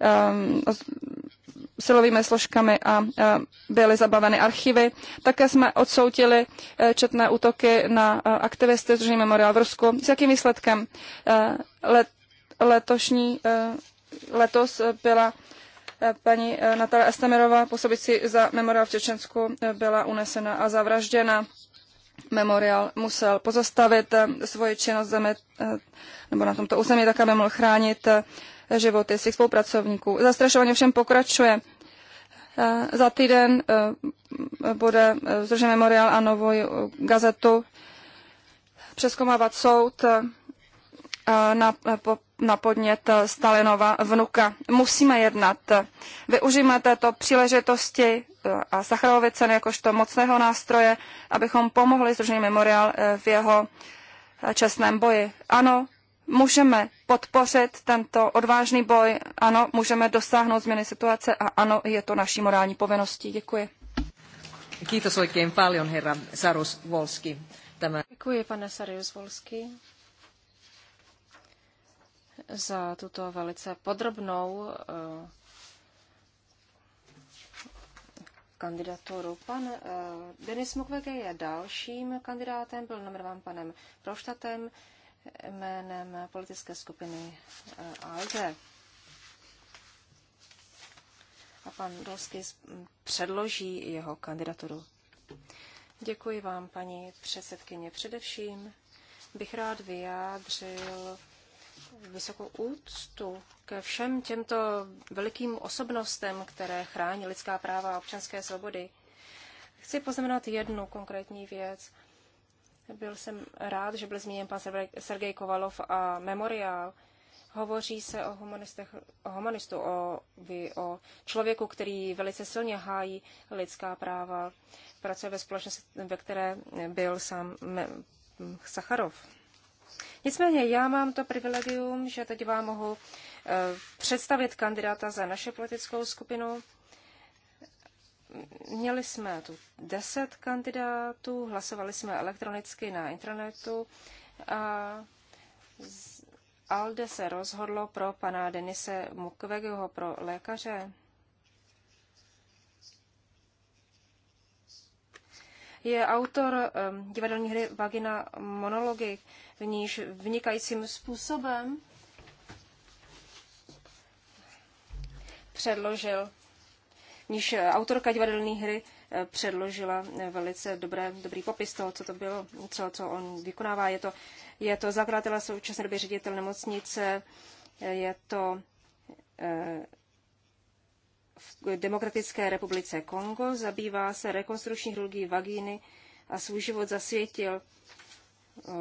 ehm, silovými složkami a byly zabaveny archivy. Také jsme odsoutili četné útoky na aktivisty Združení Memorial v Rusku. S jakým výsledkem? letošní letos byla Paní eh, Natalia Estemirová, působící za memoriál v Čečensku, eh, byla unesena a zavražděna. Memorial musel pozastavit eh, svoji činnost zemi, nebo na tomto území, tak aby mohl chránit životy svých spolupracovníků. Zastrašování všem pokračuje. Za týden bude zrušen memoriál a novou gazetu přeskomávat soud Eh, na, eh, na podnět eh, Stalinova vnuka. Musíme jednat. Využijeme této příležitosti a Sacharovy ceny jakožto mocného nástroje, abychom pomohli Združení Memorial v jeho čestném boji. Ano, můžeme podpořit tento odvážný boj, ano, můžeme dosáhnout změny situace a ano, je to naší morální povinností. Děkuji. Kiitos oikein paljon, herra Sarus Volski. Tämä... Děkuji, pane Sarius Volski za tuto velice podrobnou eh, kandidaturu. Pan eh, Denis Mukwege je dalším kandidátem, byl nominován panem Proštatem jménem politické skupiny eh, ALDE. A pan Dolsky předloží jeho kandidaturu. Děkuji vám, paní předsedkyně. Především bych rád vyjádřil vysokou úctu ke všem těmto velikým osobnostem, které chrání lidská práva a občanské svobody. Chci poznamenat jednu konkrétní věc. Byl jsem rád, že byl zmíněn pan Sergej Kovalov a memoriál. Hovoří se o, humanistech, o humanistu, o, o člověku, který velice silně hájí lidská práva. Pracuje ve společnosti, ve které byl sám Sacharov. Nicméně já mám to privilegium, že teď vám mohu eh, představit kandidáta za naše politickou skupinu. Měli jsme tu deset kandidátů, hlasovali jsme elektronicky na internetu a ALDE se rozhodlo pro pana Denise Mukwegeho pro lékaře. je autor divadelní hry Vagina monology, v níž vynikajícím způsobem předložil, v níž autorka divadelní hry eh, předložila eh, velice dobré, dobrý popis toho, co to bylo, co, co on vykonává. Je to, je to zakladatel současné době ředitel nemocnice, eh, je to v Demokratické republice Kongo, zabývá se rekonstrukční chirurgií vagíny a svůj život zasvětil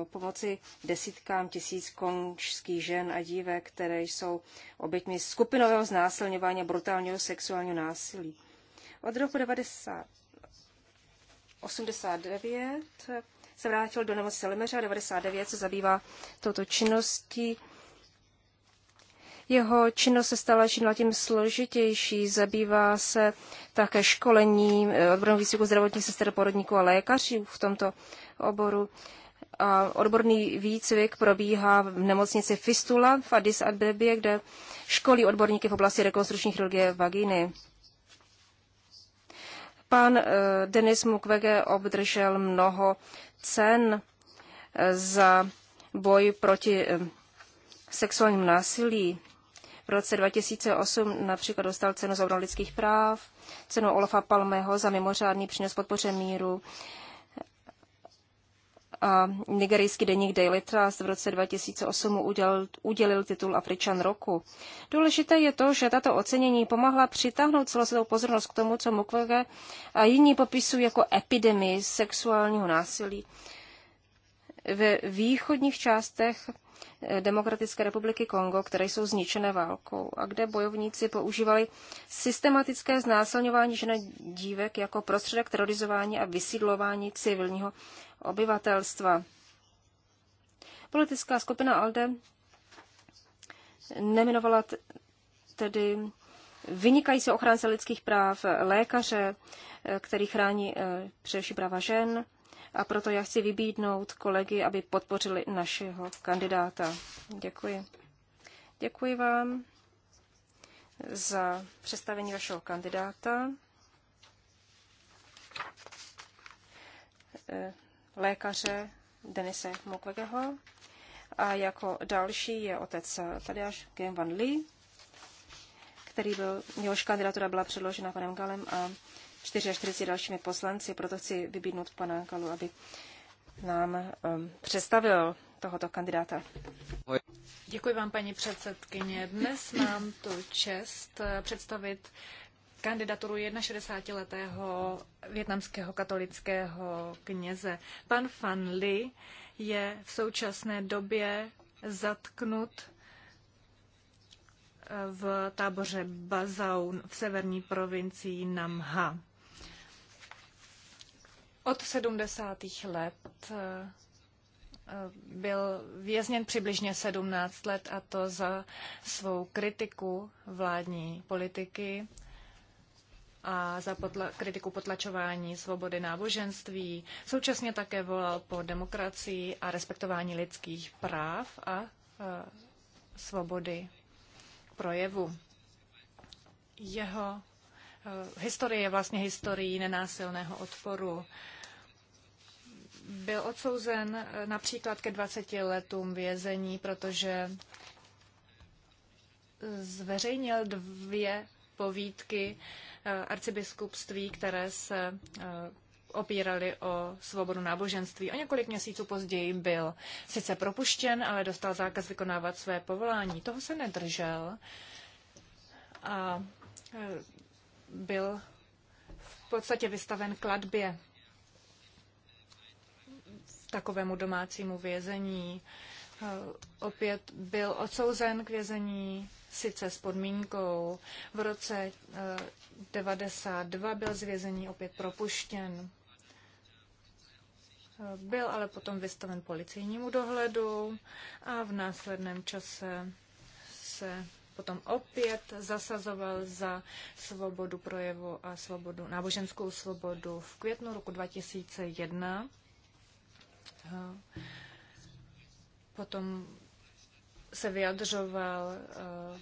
pomoci desítkám tisíc konžských žen a dívek, které jsou oběťmi skupinového znásilňování a brutálního sexuálního násilí. Od roku 1989 se vrátil do nemocnice Lemeře a 99 se zabývá touto činností jeho činnost se stala čím tím složitější. Zabývá se také školením eh, odbornou výstupu zdravotních sester, porodníků a lékařů v tomto oboru. A odborný výcvik probíhá v nemocnici Fistula v Addis Abebě, kde školí odborníky v oblasti rekonstrukční chirurgie vaginy. Pan eh, Denis Mukwege obdržel mnoho cen eh, za boj proti sexuálním násilí. V roce 2008 například dostal cenu za lidských práv, cenu Olafa Palmeho za mimořádný přínos podpoře míru a nigerijský deník Daily Trust v roce 2008 udělil, udělil titul Afričan roku. Důležité je to, že tato ocenění pomohla přitáhnout celosvětovou pozornost k tomu, co Mukwege a jiní popisují jako epidemii sexuálního násilí ve východních částech Demokratické republiky Kongo, které jsou zničené válkou a kde bojovníci používali systematické znásilňování žen a dívek jako prostředek terorizování a vysídlování civilního obyvatelstva. Politická skupina ALDE neminovala tedy vynikající ochránce lidských práv, lékaře, eh, který chrání eh, především práva žen, a proto já chci vybídnout kolegy, aby podpořili našeho kandidáta. Děkuji. Děkuji vám za představení vašeho kandidáta. Eh, lékaře Denise Mukwegeho. A jako další je otec Tadeáš Gen Van Lee, který byl, jehož kandidatura byla předložena panem Galem a 44 dalšími poslanci, proto chci vybídnout pana Kalu, aby nám um, představil tohoto kandidáta. Děkuji vám, paní předsedkyně. Dnes mám tu čest eh, představit kandidaturu 61-letého větnamského katolického kněze. Pan Fan Li je v současné době zatknut eh, v táboře Bazaun v severní provincii Namha. Od 70. let eh, eh, byl vězněn přibližně 17 let a to za svou kritiku vládní politiky a za potla- kritiku potlačování svobody náboženství. Současně také volal po demokracii a respektování lidských práv a, a eh, svobody projevu. Jeho Eh, historie je vlastně historií nenásilného odporu. Byl odsouzen eh, například ke 20 letům vězení, protože eh, zveřejnil dvě povídky arcibiskupství, které se opírali o svobodu náboženství. O několik měsíců později byl sice propuštěn, ale dostal zákaz vykonávat své povolání. Toho se nedržel a byl v podstatě vystaven kladbě takovému domácímu vězení. Eh, opět byl odsouzen k vězení, sice s podmínkou. V roce 92 eh, byl z vězení opět propuštěn. Eh, byl ale potom vystaven policejnímu dohledu a v následném čase se potom opět zasazoval za svobodu projevu a svobodu, náboženskou svobodu v květnu roku 2001. Potom se vyjadřoval eh,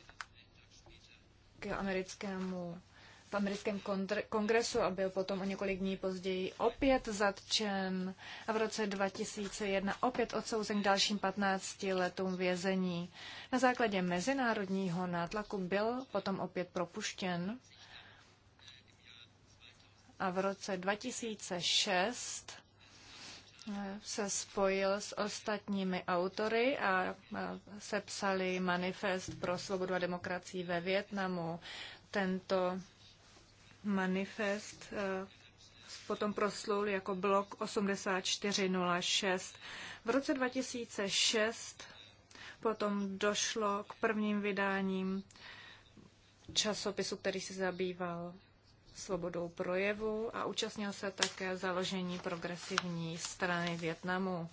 k americkému v americkém kongresu a byl potom o několik dní později opět zatčen a v roce 2001 opět odsouzen k dalším 15 letům vězení. Na základě mezinárodního nátlaku byl potom opět propuštěn a v roce 2006 eh, se spojil s ostatními autory a sepsali manifest pro svobodu a demokracii ve Větnamu. Tento manifest eh, potom proslul jako blok 8406. V roce 2006 potom došlo k prvním vydáním časopisu, který se zabýval svobodou projevu a účastnil se také založení progresivní strany Větnamu.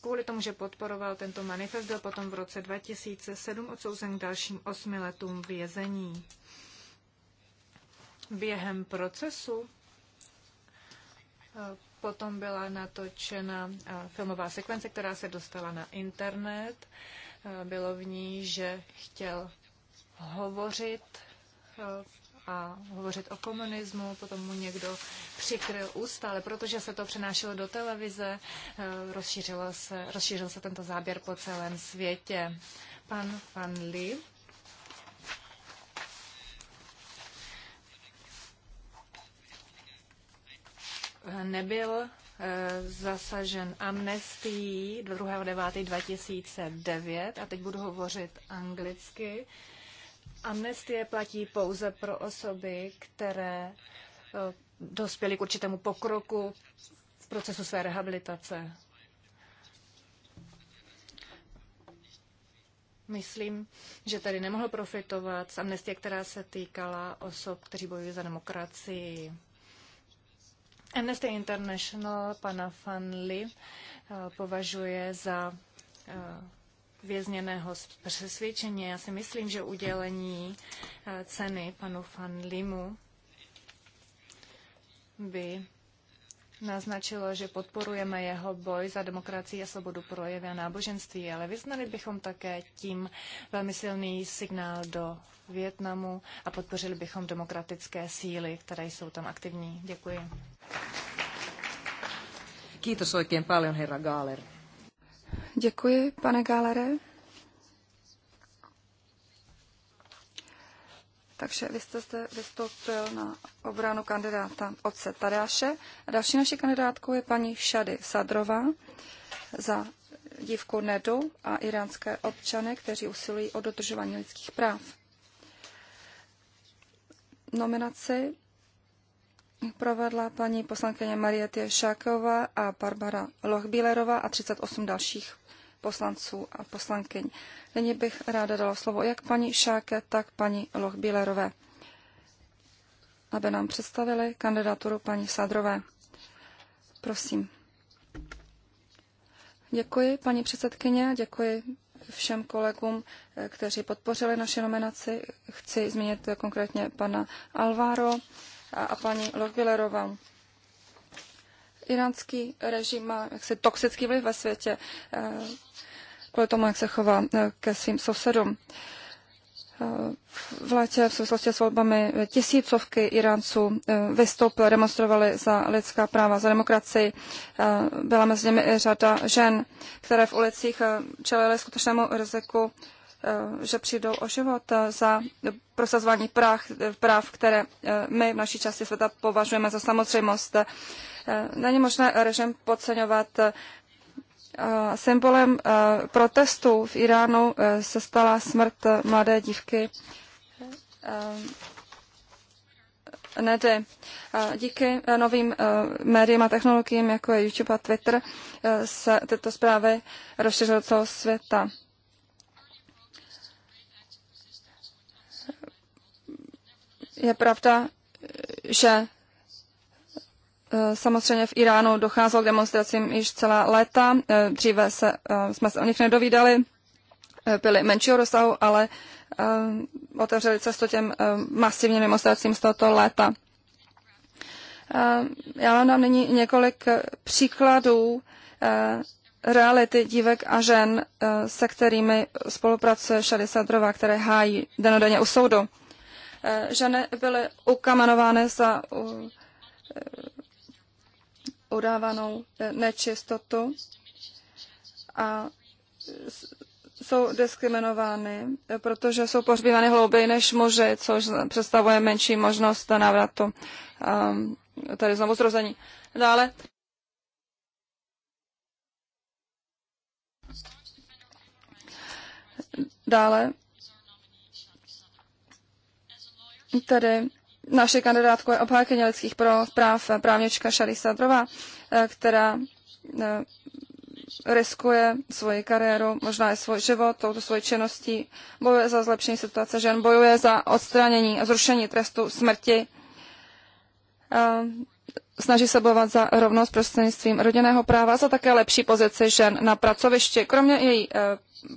Kvůli tomu, že podporoval tento manifest, byl potom v roce 2007 odsouzen k dalším osmi letům vězení během procesu. Eh, potom byla natočena eh, filmová sekvence, která se dostala na internet. Eh, bylo v ní, že chtěl hovořit a hovořit o komunismu, potom mu někdo přikryl ústa, ale protože se to přenášelo do televize, rozšířilo se, rozšířil se tento záběr po celém světě. Pan Van Lee nebyl eh, zasažen amnestií 2.9.2009 a teď budu hovořit anglicky. Amnestie platí pouze pro osoby, které eh, dospěly k určitému pokroku v procesu své rehabilitace. Myslím, že tady nemohl profitovat z amnestie, která se týkala osob, kteří bojují za demokracii. Amnesty International pana Li eh, považuje za eh, vězněného z přesvědčení. Já si myslím, že udělení eh, ceny panu Fan Limu by naznačilo, že podporujeme jeho boj za demokracii a svobodu projevy a náboženství, ale vyznali bychom také tím velmi silný signál do Větnamu a podpořili bychom demokratické síly, které jsou tam aktivní. Děkuji. Kiitos oikein paljon, herra Gaaler. Děkuji, pane Gálere. Takže vy jste zde vystoupil na obranu kandidáta otce Tadáše. A další naší kandidátkou je paní Šady Sadrová za dívku Nedu a iránské občany, kteří usilují o dodržování lidských práv. Nominaci provedla paní poslankyně Marie Šáková a Barbara Lochbílerová a 38 dalších poslanců a poslankyň. Nyní bych ráda dala slovo jak paní Šáke, tak paní Lochbílerové, aby nám představili kandidaturu paní Sádrové. Prosím. Děkuji, paní předsedkyně, děkuji všem kolegům, eh, kteří podpořili naši nominaci. Chci zmínit konkrétně pana Alvaro, a, a paní Lochbillerovou. Iránský režim má jaksi toxický vliv ve světě eh, kvůli tomu, jak se chová eh, ke svým sousedům. Eh, v létě v souvislosti s volbami tisícovky Iránců vystoupily, demonstrovali za lidská práva, za demokracii. Byla mezi nimi i řada žen, které v ulicích čelily skutečnému riziku Eh, že přijdou o život eh, za prosazování práv, práv které eh, my v naší části světa považujeme za samozřejmost. Není možné režim podceňovat. Symbolem protestů v Iránu se stala smrt mladé dívky Nedy. Díky novým médiím a technologiím, jako je YouTube a Twitter, se tyto zprávy rozšířily celého světa. Je pravda, že e, Samozřejmě v Iránu docházelo k demonstracím již celá léta. E, dříve se, e, jsme se o nich nedovídali, byly menšího rozsahu, ale otevřeli cestu těm masivním demonstracím z tohoto léta. Já vám dám nyní několik příkladů reality dívek a žen, se kterými spolupracuje Šady Sadrova, které hájí denodenně u soudu. Eh, ženy byly ukamenovány za eh, udávanou eh, nečistotu a jsou diskriminovány, protože jsou pohřbívány hlouběji než muži, což představuje menší možnost návratu ehm, tady znovu zrození. Dále. Dále tedy naše kandidátku je obhájkyně lidských práv právnička Šary Sadrova, eh, která eh, riskuje svoji kariéru, možná i svůj život, touto svoji činností, bojuje za zlepšení situace žen, bojuje za odstranění a zrušení trestu smrti. Eh, snaží se bojovat za rovnost prostřednictvím rodinného práva, za také lepší pozici žen na pracovišti. Kromě její eh,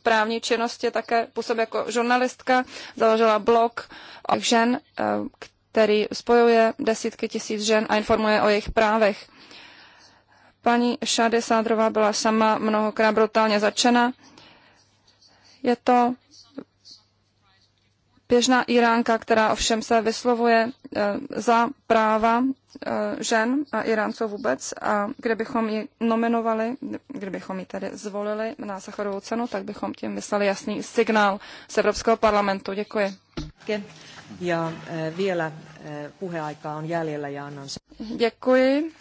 právní činnosti také působí jako žurnalistka, založila blog o žen, eh, který spojuje desítky tisíc žen a informuje o jejich právech. Paní Šady Sádrová byla sama mnohokrát brutálně začena. Je to běžná Iránka, která ovšem se vyslovuje eh, za práva eh, žen a Iránců vůbec a kdybychom ji nominovali, kdybychom ji tedy zvolili na Sacharovou cenu, tak bychom tím vyslali jasný signál z Evropského parlamentu. Děkuji. Ja eh, vielä jäljellä ja annan... Děkuji.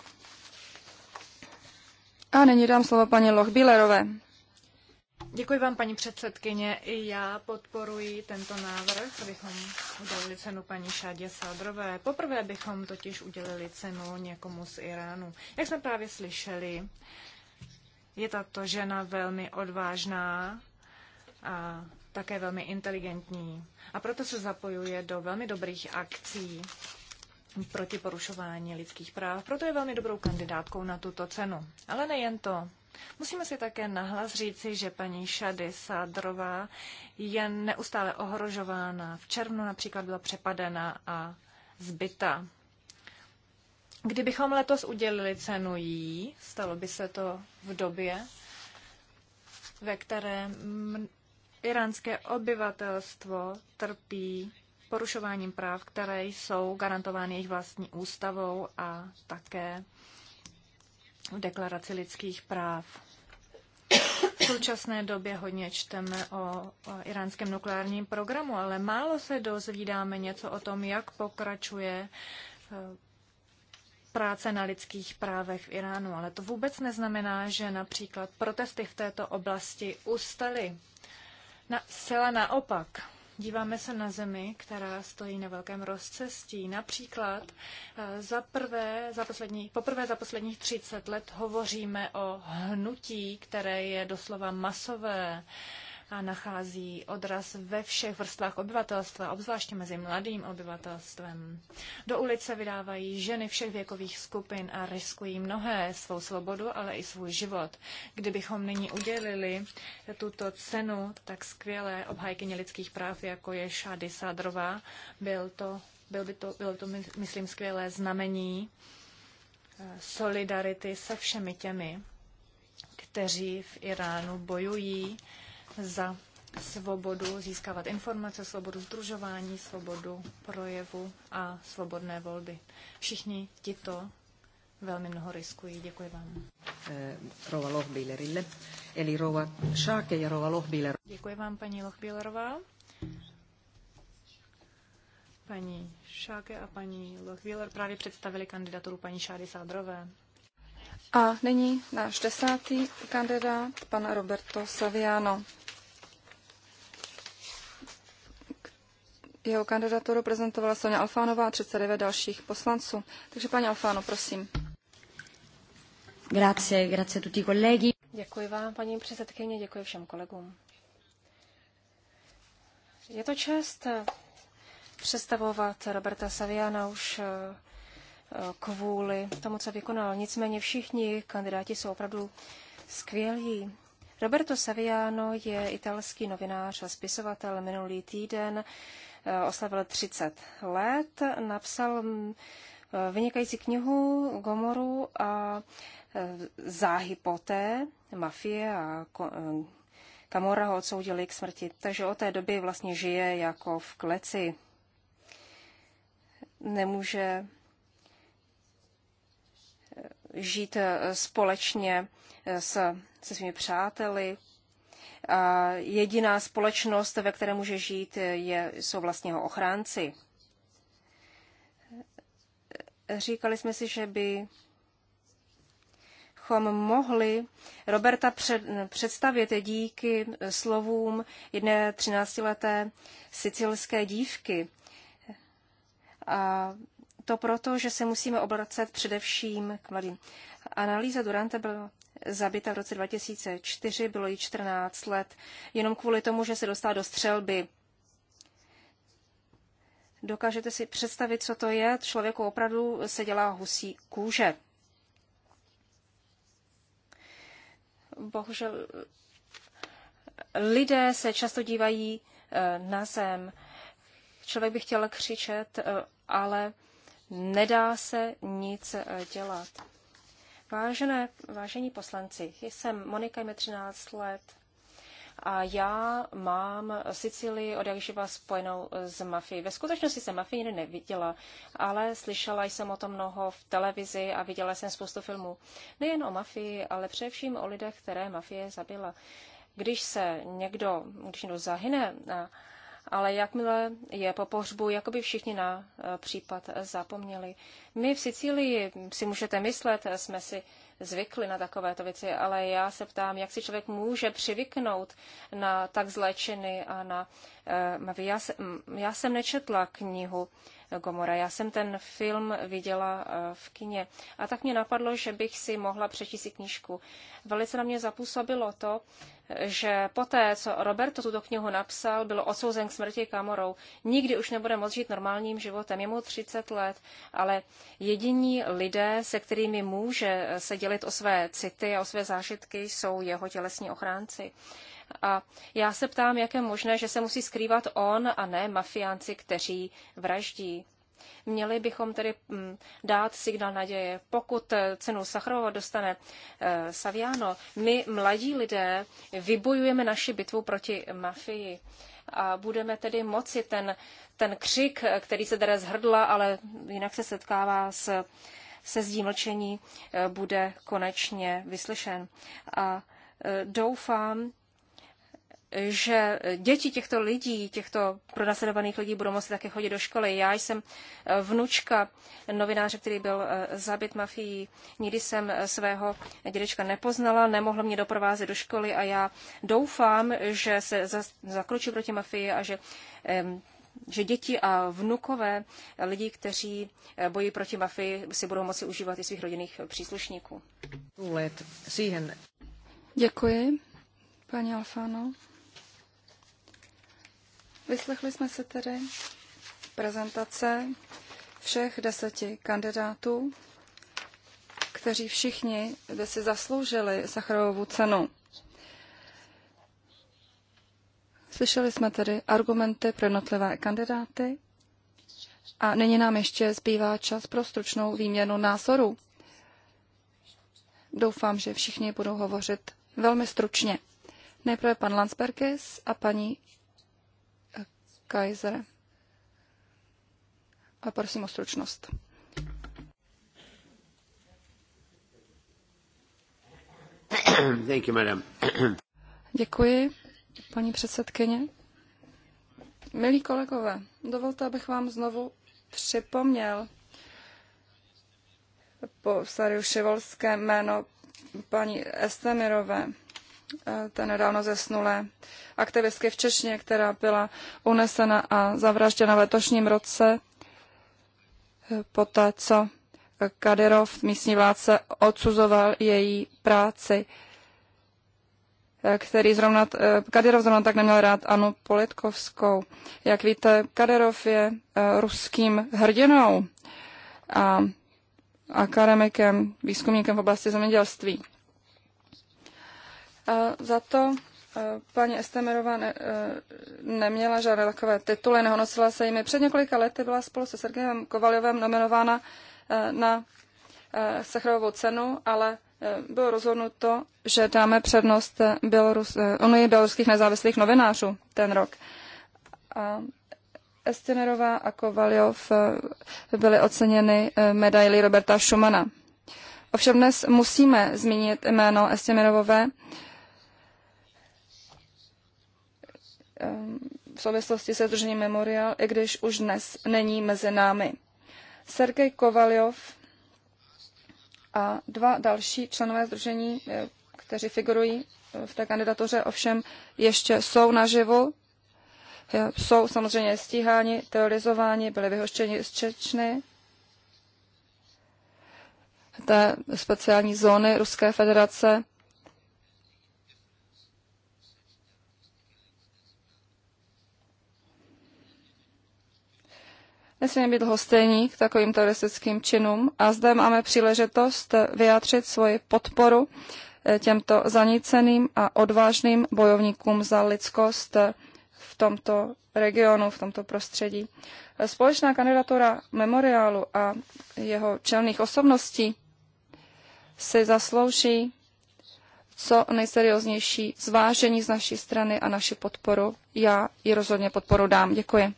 A nyní dám slovo paní Lochbílerové. Děkuji vám, paní předsedkyně. I já podporuji tento návrh, abychom udělili cenu paní Šádě Sádrové. Poprvé bychom totiž udělili cenu někomu z Iránu. Jak jsme právě slyšeli, je tato žena velmi odvážná a také velmi inteligentní. A proto se zapojuje do velmi dobrých akcí proti porušování lidských práv. Proto je velmi dobrou kandidátkou na tuto cenu. Ale nejen to. Musíme si také nahlas říci, že paní Šady Sádrová je neustále ohrožována. V červnu například byla přepadena a zbyta. Kdybychom letos udělili cenu jí, stalo by se to v době, ve které iránské obyvatelstvo trpí porušováním práv, které jsou garantovány jejich vlastní ústavou a také deklaraci lidských práv. V současné době hodně čteme o, o iránském nukleárním programu, ale málo se dozvídáme něco o tom, jak pokračuje e, práce na lidských právech v Iránu. Ale to vůbec neznamená, že například protesty v této oblasti ustaly. Na, zcela naopak. Díváme se na zemi, která stojí na velkém rozcestí. Například eh, za prvé, za poslední, poprvé za posledních 30 let hovoříme o hnutí, které je doslova masové a nachází odraz ve všech vrstvách obyvatelstva, obzvláště mezi mladým obyvatelstvem. Do ulice vydávají ženy všech věkových skupin a riskují mnohé svou svobodu, ale i svůj život. Kdybychom nyní udělili tuto cenu tak skvělé obhajkyně lidských práv, jako je Šady Sádrová, byl to, byl by to, bylo by to, myslím, skvělé znamení eh, solidarity se všemi těmi, kteří v Iránu bojují za svobodu získávat informace, svobodu združování, svobodu projevu a svobodné volby. Všichni tito velmi mnoho riskují. Děkuji vám. Eh, Rova Lohbílerille. Eli Rova Šáke ja Rova Lohbíler. Děkuji vám, paní Lohbílerová. Paní Šáke a paní Lohbíler právě představili kandidaturu paní Šády Sádrové. A nyní náš desátý kandidát, pan Roberto Saviano. Jeho kandidaturu prezentovala Sonja Alfánová a 39 dalších poslanců. Takže paní Alfáno, prosím. Grazie, grazie tutti colleghi. Děkuji vám, paní předsedkyně, děkuji všem kolegům. Je to čest eh, představovat Roberta Saviana už eh, eh, kvůli tomu, co vykonal. Nicméně všichni kandidáti jsou opravdu skvělí. Roberto Saviano je italský novinář a spisovatel. Minulý týden oslavil 30 let, napsal mm, vynikající knihu Gomoru a e, záhy poté mafie a e, Kamora ho odsoudili k smrti. Takže od té doby vlastně žije jako v kleci. Nemůže e, žít společně se, se svými přáteli, jediná společnost, ve které může žít, je, jsou vlastně jeho ochránci. Říkali jsme si, že by mohli Roberta před, představit díky slovům jedné 13-leté sicilské dívky. A to proto, že se musíme obracet především k mladým. Analýza Durante byla zabita v roce 2004, bylo jí 14 let, jenom kvůli tomu, že se dostala do střelby. Dokážete si představit, co to je? Člověku opravdu se dělá husí kůže. Bohužel lidé se často dívají eh, na zem. Člověk by chtěl křičet, eh, ale nedá se nic eh, dělat. Vážené, vážení poslanci, jsem Monika, je 13 let a já mám Sicílii od jakživa spojenou s mafií. Ve skutečnosti jsem mafii nikdy neviděla, ale slyšela jsem o tom mnoho v televizi a viděla jsem spoustu filmů. Nejen o mafii, ale především o lidech, které mafie zabila. Když se někdo, když někdo zahyne, a, ale jakmile je po pohřbu, jako by všichni na eh, případ zapomněli. My v Sicílii si můžete myslet, jsme si zvykli na takovéto věci, ale já se ptám, jak si člověk může přivyknout na tak zléčiny a na... Eh, já, jsem, nečetla knihu Gomora, já jsem ten film viděla eh, v kině a tak mě napadlo, že bych si mohla přečíst si knížku. Velice na mě zapůsobilo to, že poté, co Roberto tuto knihu napsal, byl odsouzen k smrti kamorou. Nikdy už nebude moct žít normálním životem. Je mu 30 let, ale jediní lidé, se kterými může se dělit o své city a o své zážitky, jsou jeho tělesní ochránci. A já se ptám, jak je možné, že se musí skrývat on a ne mafiánci, kteří vraždí. Měli bychom tedy mm, dát signál naděje. Pokud eh, cenu Sachrova dostane eh, Saviano, my mladí lidé vybojujeme naši bitvu proti mafii a budeme tedy moci ten, ten křik, eh, který se teda zhrdla, ale jinak se setkává s, se zdí mlčení, bude konečně vyslyšen. A doufám, že děti těchto lidí, těchto pronásledovaných lidí budou moci také chodit do školy. Já jsem vnučka novináře, který byl eh, zabit mafií. Nikdy jsem eh, svého dědečka nepoznala, nemohl mě doprovázet do školy a já doufám, že se zakročí proti mafii a že že děti a vnukové lidí, kteří eh, bojí proti mafii, si budou moci užívat i svých rodinných příslušníků. Děkuji, paní Alfano. Vyslechli jsme se tedy prezentace všech deseti kandidátů, kteří všichni by si zasloužili Sacharovou cenu. Slyšeli jsme tedy argumenty pro jednotlivé kandidáty a nyní nám ještě zbývá čas pro stručnou výměnu názoru. Doufám, že všichni budou hovořit velmi stručně. Nejprve pan Landsbergis a paní Kaiser. A prosím o stručnost. Thank you, madam. Děkuji, paní předsedkyně. Milí kolegové, dovolte, abych vám znovu připomněl po Sariu Šivolské jméno paní Estemirové. Eh, té nedávno zesnulé aktivistky v Čečně, která byla unesena a zavražděna v letošním roce eh, poté, co Kadyrov, místní vládce, odsuzoval její práci, eh, který zrovna, Kadyrov zrovna tak neměl rád Anu Politkovskou. Jak víte, Kadyrov je ruským hrdinou a akademikem, výzkumníkem v oblasti zemědělství za to e, paní Estemerová ne, e, neměla žádné takové tituly, nehonosila se jimi. Před několika lety byla spolu se Sergejem Kovaljovem nominována e, na Sacharovou cenu, ale bylo rozhodnuto, že dáme přednost Bělorus, Unii běloruských nezávislých novinářů ten rok. A Estemerová a Kovaljov byly oceněny medailí Roberta Schumana. Ovšem dnes musíme zmínit jméno Estemerové. v souvislosti se Združením Memorial, i když už dnes není mezi námi. Sergej Kovaljov a dva další členové Združení, eh, kteří figurují eh, v té kandidatuře, ovšem ještě jsou naživu. Eh, jsou samozřejmě stíháni, teorizováni, byli vyhoštěni z Čečny, té speciální zóny Ruské federace nesmíme být hostejní k takovým teroristickým činům a zde máme příležitost vyjádřit svoji podporu eh, těmto zaníceným a odvážným bojovníkům za lidskost eh, v tomto regionu, v tomto prostředí. Eh, Společná kandidatura memoriálu a jeho čelných osobností si zaslouží co nejserióznější zvážení z naší strany a naši podporu. Já ji rozhodně podporu dám. Děkuji.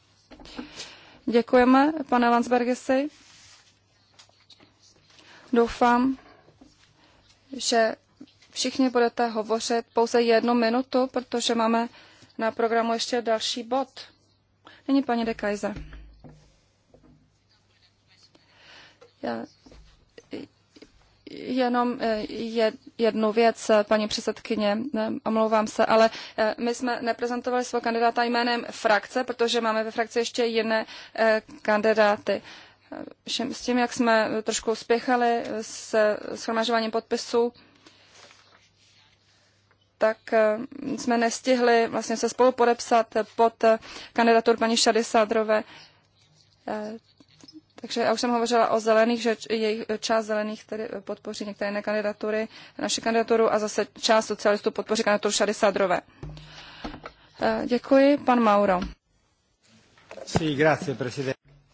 Děkujeme, pane Landsbergisi. Doufám, že všichni budete hovořit pouze jednu minutu, protože máme na programu ještě další bod. Není paní de Kaiser. Já jenom eh, jednu věc, eh, paní předsedkyně, eh, omlouvám se, ale my jsme neprezentovali svého kandidáta jménem frakce, protože máme ve frakci ještě jiné kandidáty. S tím, jak jsme trošku spěchali s shromažďováním podpisů, tak jsme nestihli vlastně se spolu podepsat pod kandidaturu paní Šady Sádrové. Takže já už jsem hovořila o zelených, že jejich část zelených tedy podpoří některé jiné kandidatury, naši kandidaturu a zase část socialistů podpoří kandidaturu Šady Sadrové. Eh, děkuji, pan Mauro. grazie,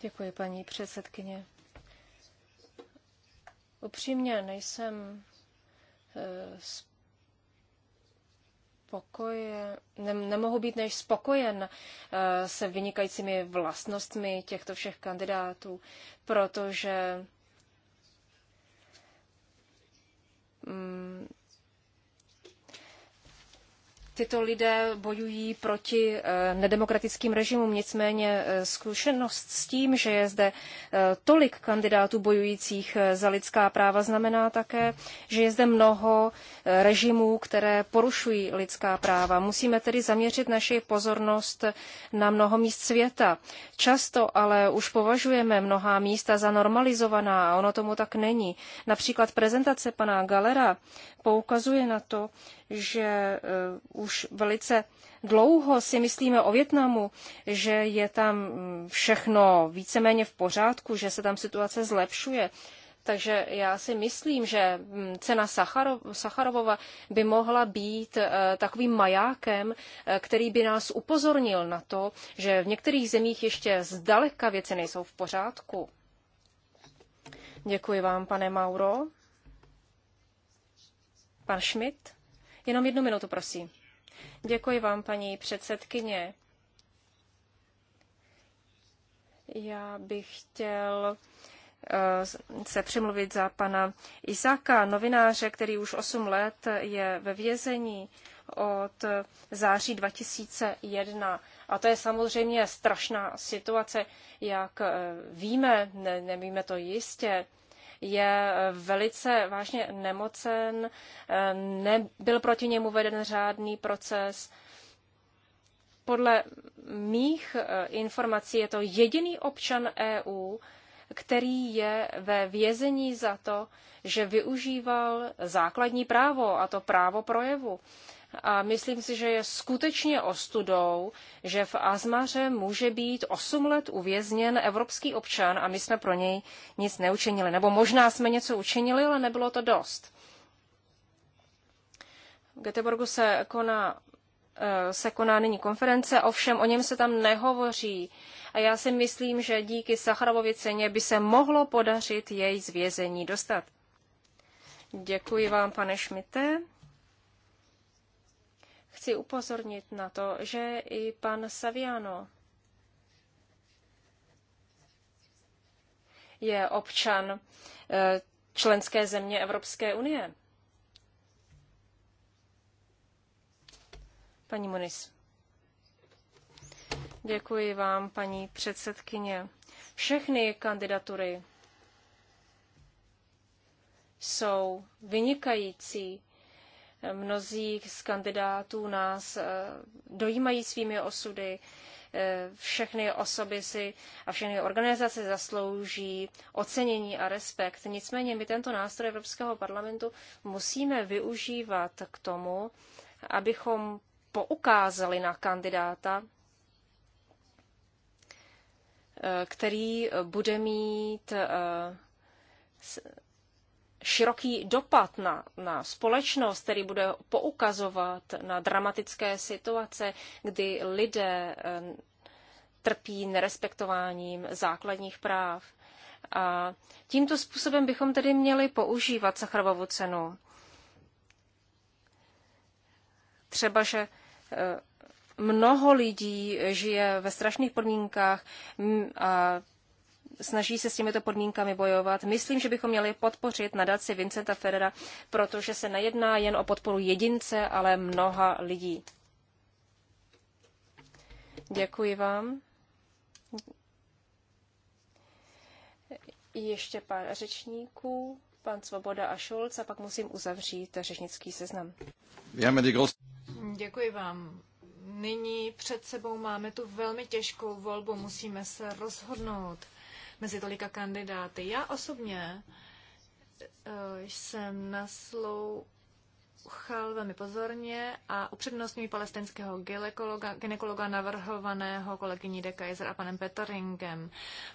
Děkuji, paní předsedkyně. Upřímně nejsem eh, spokojen, nemohu být než spokojen eh, se vynikajícími vlastnostmi těchto všech kandidátů, protože mm, Tyto lidé bojují proti eh, nedemokratickým režimům, nicméně eh, zkušenost s tím, že je zde eh, tolik kandidátů bojujících za lidská práva, znamená také, že je zde mnoho režimů, které porušují lidská práva. Musíme tedy zaměřit naši pozornost na mnoho míst světa. Často ale už považujeme mnohá místa za normalizovaná a ono tomu tak není. Například prezentace pana Galera poukazuje na to, že už velice dlouho si myslíme o Větnamu, že je tam všechno víceméně v pořádku, že se tam situace zlepšuje. Takže já si myslím, že mm, cena Sacharovova by mohla být eh, takovým majákem, eh, který by nás upozornil na to, že v některých zemích ještě zdaleka věci nejsou v pořádku. Děkuji vám, pane Mauro. Pan Schmidt, jenom jednu minutu, prosím. Děkuji vám, paní předsedkyně. Já bych chtěl eh, se přemluvit za pana Izáka, novináře, který už 8 let je ve vězení od září 2001. A to je samozřejmě strašná situace, jak eh, víme, ne, nevíme to jistě, je eh, velice vážně nemocen, eh, nebyl proti němu veden řádný proces. Podle mých eh, informací je to jediný občan EU, který je ve vězení za to, že využíval základní právo, a to právo projevu a myslím si, že je skutečně ostudou, že v Azmaře může být 8 let uvězněn evropský občan a my jsme pro něj nic neučinili. Nebo možná jsme něco učinili, ale nebylo to dost. V Göteborgu se koná eh, se koná nyní konference, ovšem o něm se tam nehovoří. A já si myslím, že díky Sacharovově ceně by se mohlo podařit jej z vězení dostat. Děkuji vám, pane Šmite chci upozornit na to, že i pan Saviano je občan eh, členské země Evropské unie. Paní Munis. Děkuji vám, paní předsedkyně. Všechny kandidatury jsou vynikající Mnozí z kandidátů nás eh, dojímají svými osudy. Eh, všechny osoby si a všechny organizace zaslouží ocenění a respekt. Nicméně my tento nástroj Evropského parlamentu musíme využívat k tomu, abychom poukázali na kandidáta, eh, který bude mít široký dopad na, na společnost, který bude poukazovat na dramatické situace, kdy lidé eh, trpí nerespektováním základních práv. A tímto způsobem bychom tedy měli používat Sacharovovu cenu. Třeba, že eh, mnoho lidí žije ve strašných podmínkách mm, a snaží se s těmito podmínkami bojovat. Myslím, že bychom měli podpořit nadaci Vincenta Ferrera, protože se nejedná jen o podporu jedince, ale mnoha lidí. Děkuji vám. Ještě pár řečníků, pan Svoboda a Šulc, a pak musím uzavřít řečnický seznam. Děkuji vám. Nyní před sebou máme tu velmi těžkou volbu, musíme se rozhodnout mezi tolika kandidáty. Já osobně eh, jsem naslouchal velmi pozorně a upřednostňuji palestinského gynekologa, navrhovaného kolegyní de Kaiser a panem Petteringem.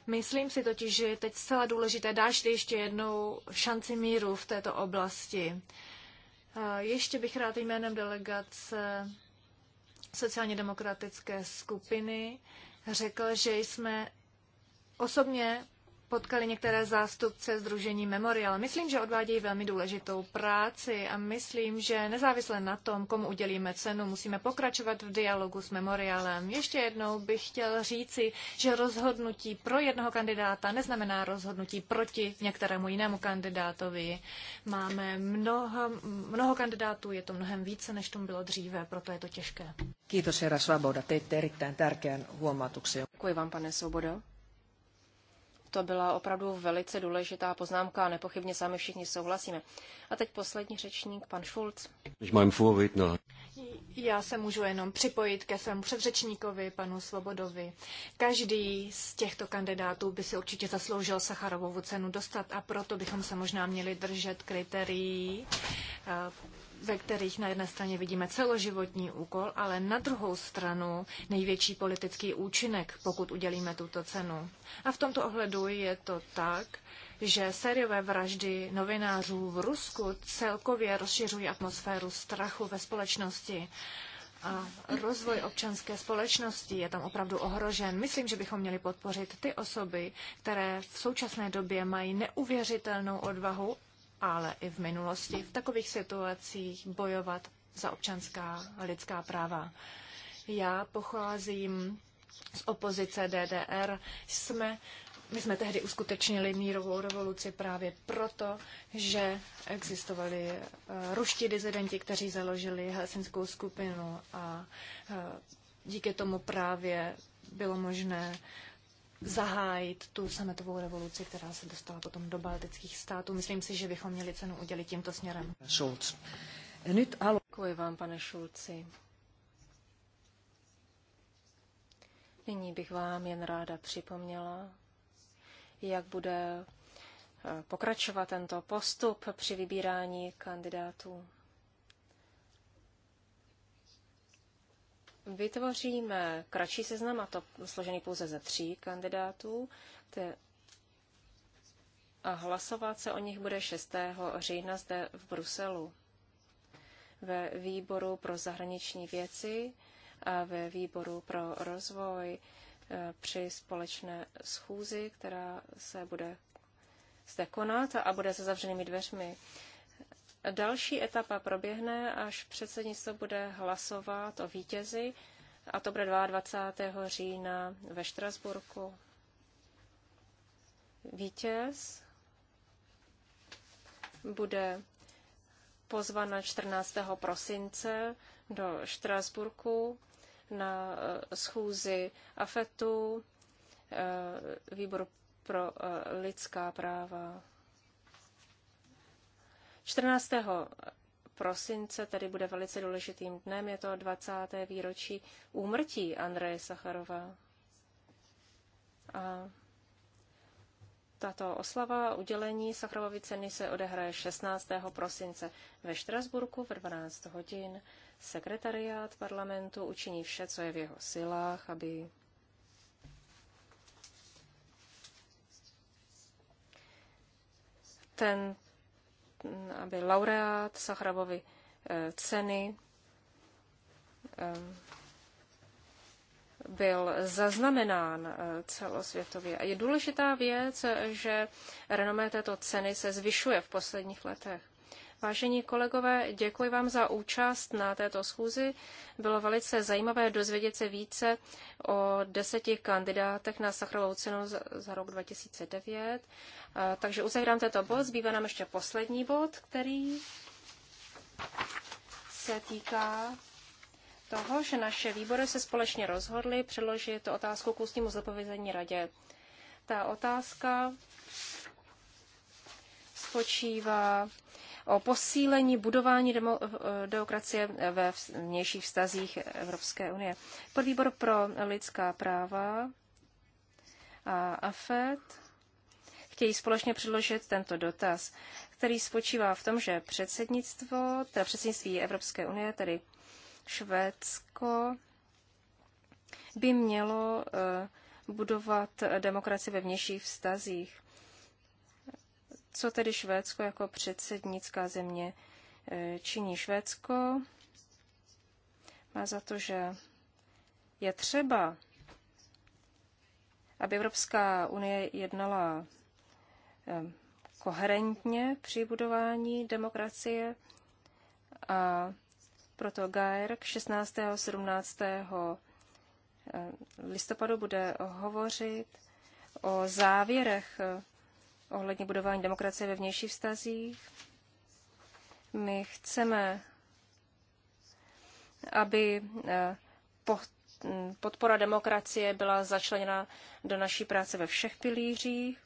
Myslím si totiž, že je teď zcela důležité dát ještě jednou šanci míru v této oblasti. Eh, ještě bych rád jménem delegace sociálně demokratické skupiny řekl, že jsme osobně potkali některé zástupce Združení Memorial. Myslím, že odvádějí velmi důležitou práci a myslím, že nezávisle na tom, komu udělíme cenu, musíme pokračovat v dialogu s Memorialem. Ještě jednou bych chtěl říci, že rozhodnutí pro jednoho kandidáta neznamená rozhodnutí proti některému jinému kandidátovi. Máme mnoho, mnoho kandidátů, je to mnohem více, než tomu bylo dříve, proto je to těžké. Kiitos, herra Svoboda. Teitte erittäin tärkeän huomautuksen. Děkuji vám, pane svoboda? To byla opravdu velice důležitá poznámka a nepochybně sami všichni souhlasíme. A teď poslední řečník, pan Schulz. No. Já se můžu jenom připojit ke svému předřečníkovi, panu Svobodovi. Každý z těchto kandidátů by si určitě zasloužil Sacharovovu cenu dostat a proto bychom se možná měli držet kritérií eh, ve kterých na jedné straně vidíme celoživotní úkol, ale na druhou stranu největší politický účinek, pokud udělíme tuto cenu. A v tomto ohledu je to tak, že sériové vraždy novinářů v Rusku celkově rozšiřují atmosféru strachu ve společnosti. A rozvoj občanské společnosti je tam opravdu ohrožen. Myslím, že bychom měli podpořit ty osoby, které v současné době mají neuvěřitelnou odvahu ale i v minulosti v takových situacích bojovat za občanská lidská práva. Já pocházím z opozice DDR. Jsme, my jsme tehdy uskutečnili mírovou revoluci právě proto, že existovali eh, ruští dizidenti, kteří založili helsinskou skupinu a eh, díky tomu právě bylo možné zahájit tu sametovou revoluci, která se dostala potom do baltických států. Myslím si, že bychom měli cenu udělit tímto směrem. Schulz. Děkuji vám, pane Šulci. Nyní bych vám jen ráda připomněla, jak bude eh, pokračovat tento postup při vybírání kandidátů. vytvoříme kratší seznam, a to složený pouze ze tří kandidátů, které a hlasovat se o nich bude 6. října zde v Bruselu ve výboru pro zahraniční věci a ve výboru pro rozvoj eh, při společné schůzi, která se bude zde konat a bude se zavřenými dveřmi. Další etapa proběhne, až předsednictvo bude hlasovat o vítězi, a to bude 22. října ve Štrasburku. Vítěz bude pozvan na 14. prosince do Štrasburku na eh, schůzi AFETu, eh, výboru pro eh, lidská práva. 14. prosince tedy bude velice důležitým dnem, je to 20. výročí úmrtí Andreje Sacharova. A tato oslava udělení Sacharovovy ceny se odehraje 16. prosince ve Štrasburku v 12 hodin. Sekretariát parlamentu učiní vše, co je v jeho silách, aby ten aby laureát Sacharovovy eh, ceny eh, byl zaznamenán eh, celosvětově. A je důležitá věc, že renomé této ceny se zvyšuje v posledních letech. Vážení kolegové, děkuji vám za účast na této schůzi. Bylo velice zajímavé dozvědět se více o deseti kandidátech na Sacharovou cenu za rok 2009. Takže uzavírám tento bod. Zbývá nám ještě poslední bod, který se týká toho, že naše výbory se společně rozhodly předložit otázku k ústnímu zodpovězení radě. Ta otázka spočívá o posílení budování demo, demokracie ve vnějších vztazích Evropské unie. Podvýbor pro lidská práva a AFET chtějí společně předložit tento dotaz, který spočívá v tom, že předsednictvo, teda předsednictví Evropské unie, tedy Švédsko, by mělo eh, budovat demokracii ve vnějších vztazích. Co tedy Švédsko jako předsednická země eh, činí? Švédsko má za to, že je třeba, aby Evropská unie jednala eh, koherentně při budování demokracie a proto k 16. a 17. Eh, listopadu bude hovořit o závěrech ohledně budování demokracie ve vnějších vztazích. My chceme, aby eh, podpora demokracie byla začleněna do naší práce ve všech pilířích.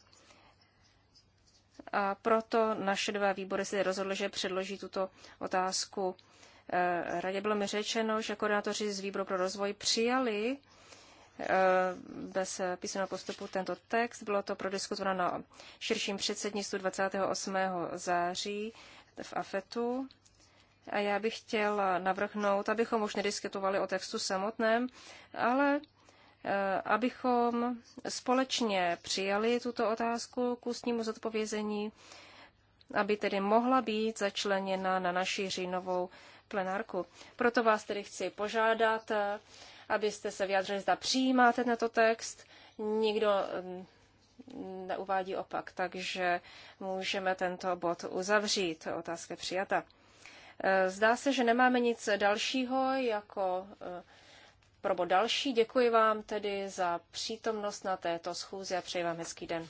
A proto naše dva výbory se rozhodly, že předloží tuto otázku eh, radě. Bylo mi řečeno, že koordinátoři z výboru pro rozvoj přijali Eh, bez písemného postupu tento text. Bylo to prodiskutováno na širším předsednictvu 28. září v AFETu. A já bych chtěl navrhnout, abychom už nediskutovali o textu samotném, ale eh, abychom společně přijali tuto otázku k ústnímu zodpovězení, aby tedy mohla být začleněna na naši říjnovou plenárku. Proto vás tedy chci požádat, eh, abyste se vyjádřili, zda přijímáte tento text. Nikdo mm, neuvádí opak, takže můžeme tento bod uzavřít. Otázka přijata. E, zdá se, že nemáme nic dalšího jako e, pro bod další. Děkuji vám tedy za přítomnost na této schůzi a přeji vám hezký den.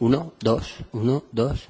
Uno, dos, uno, dos.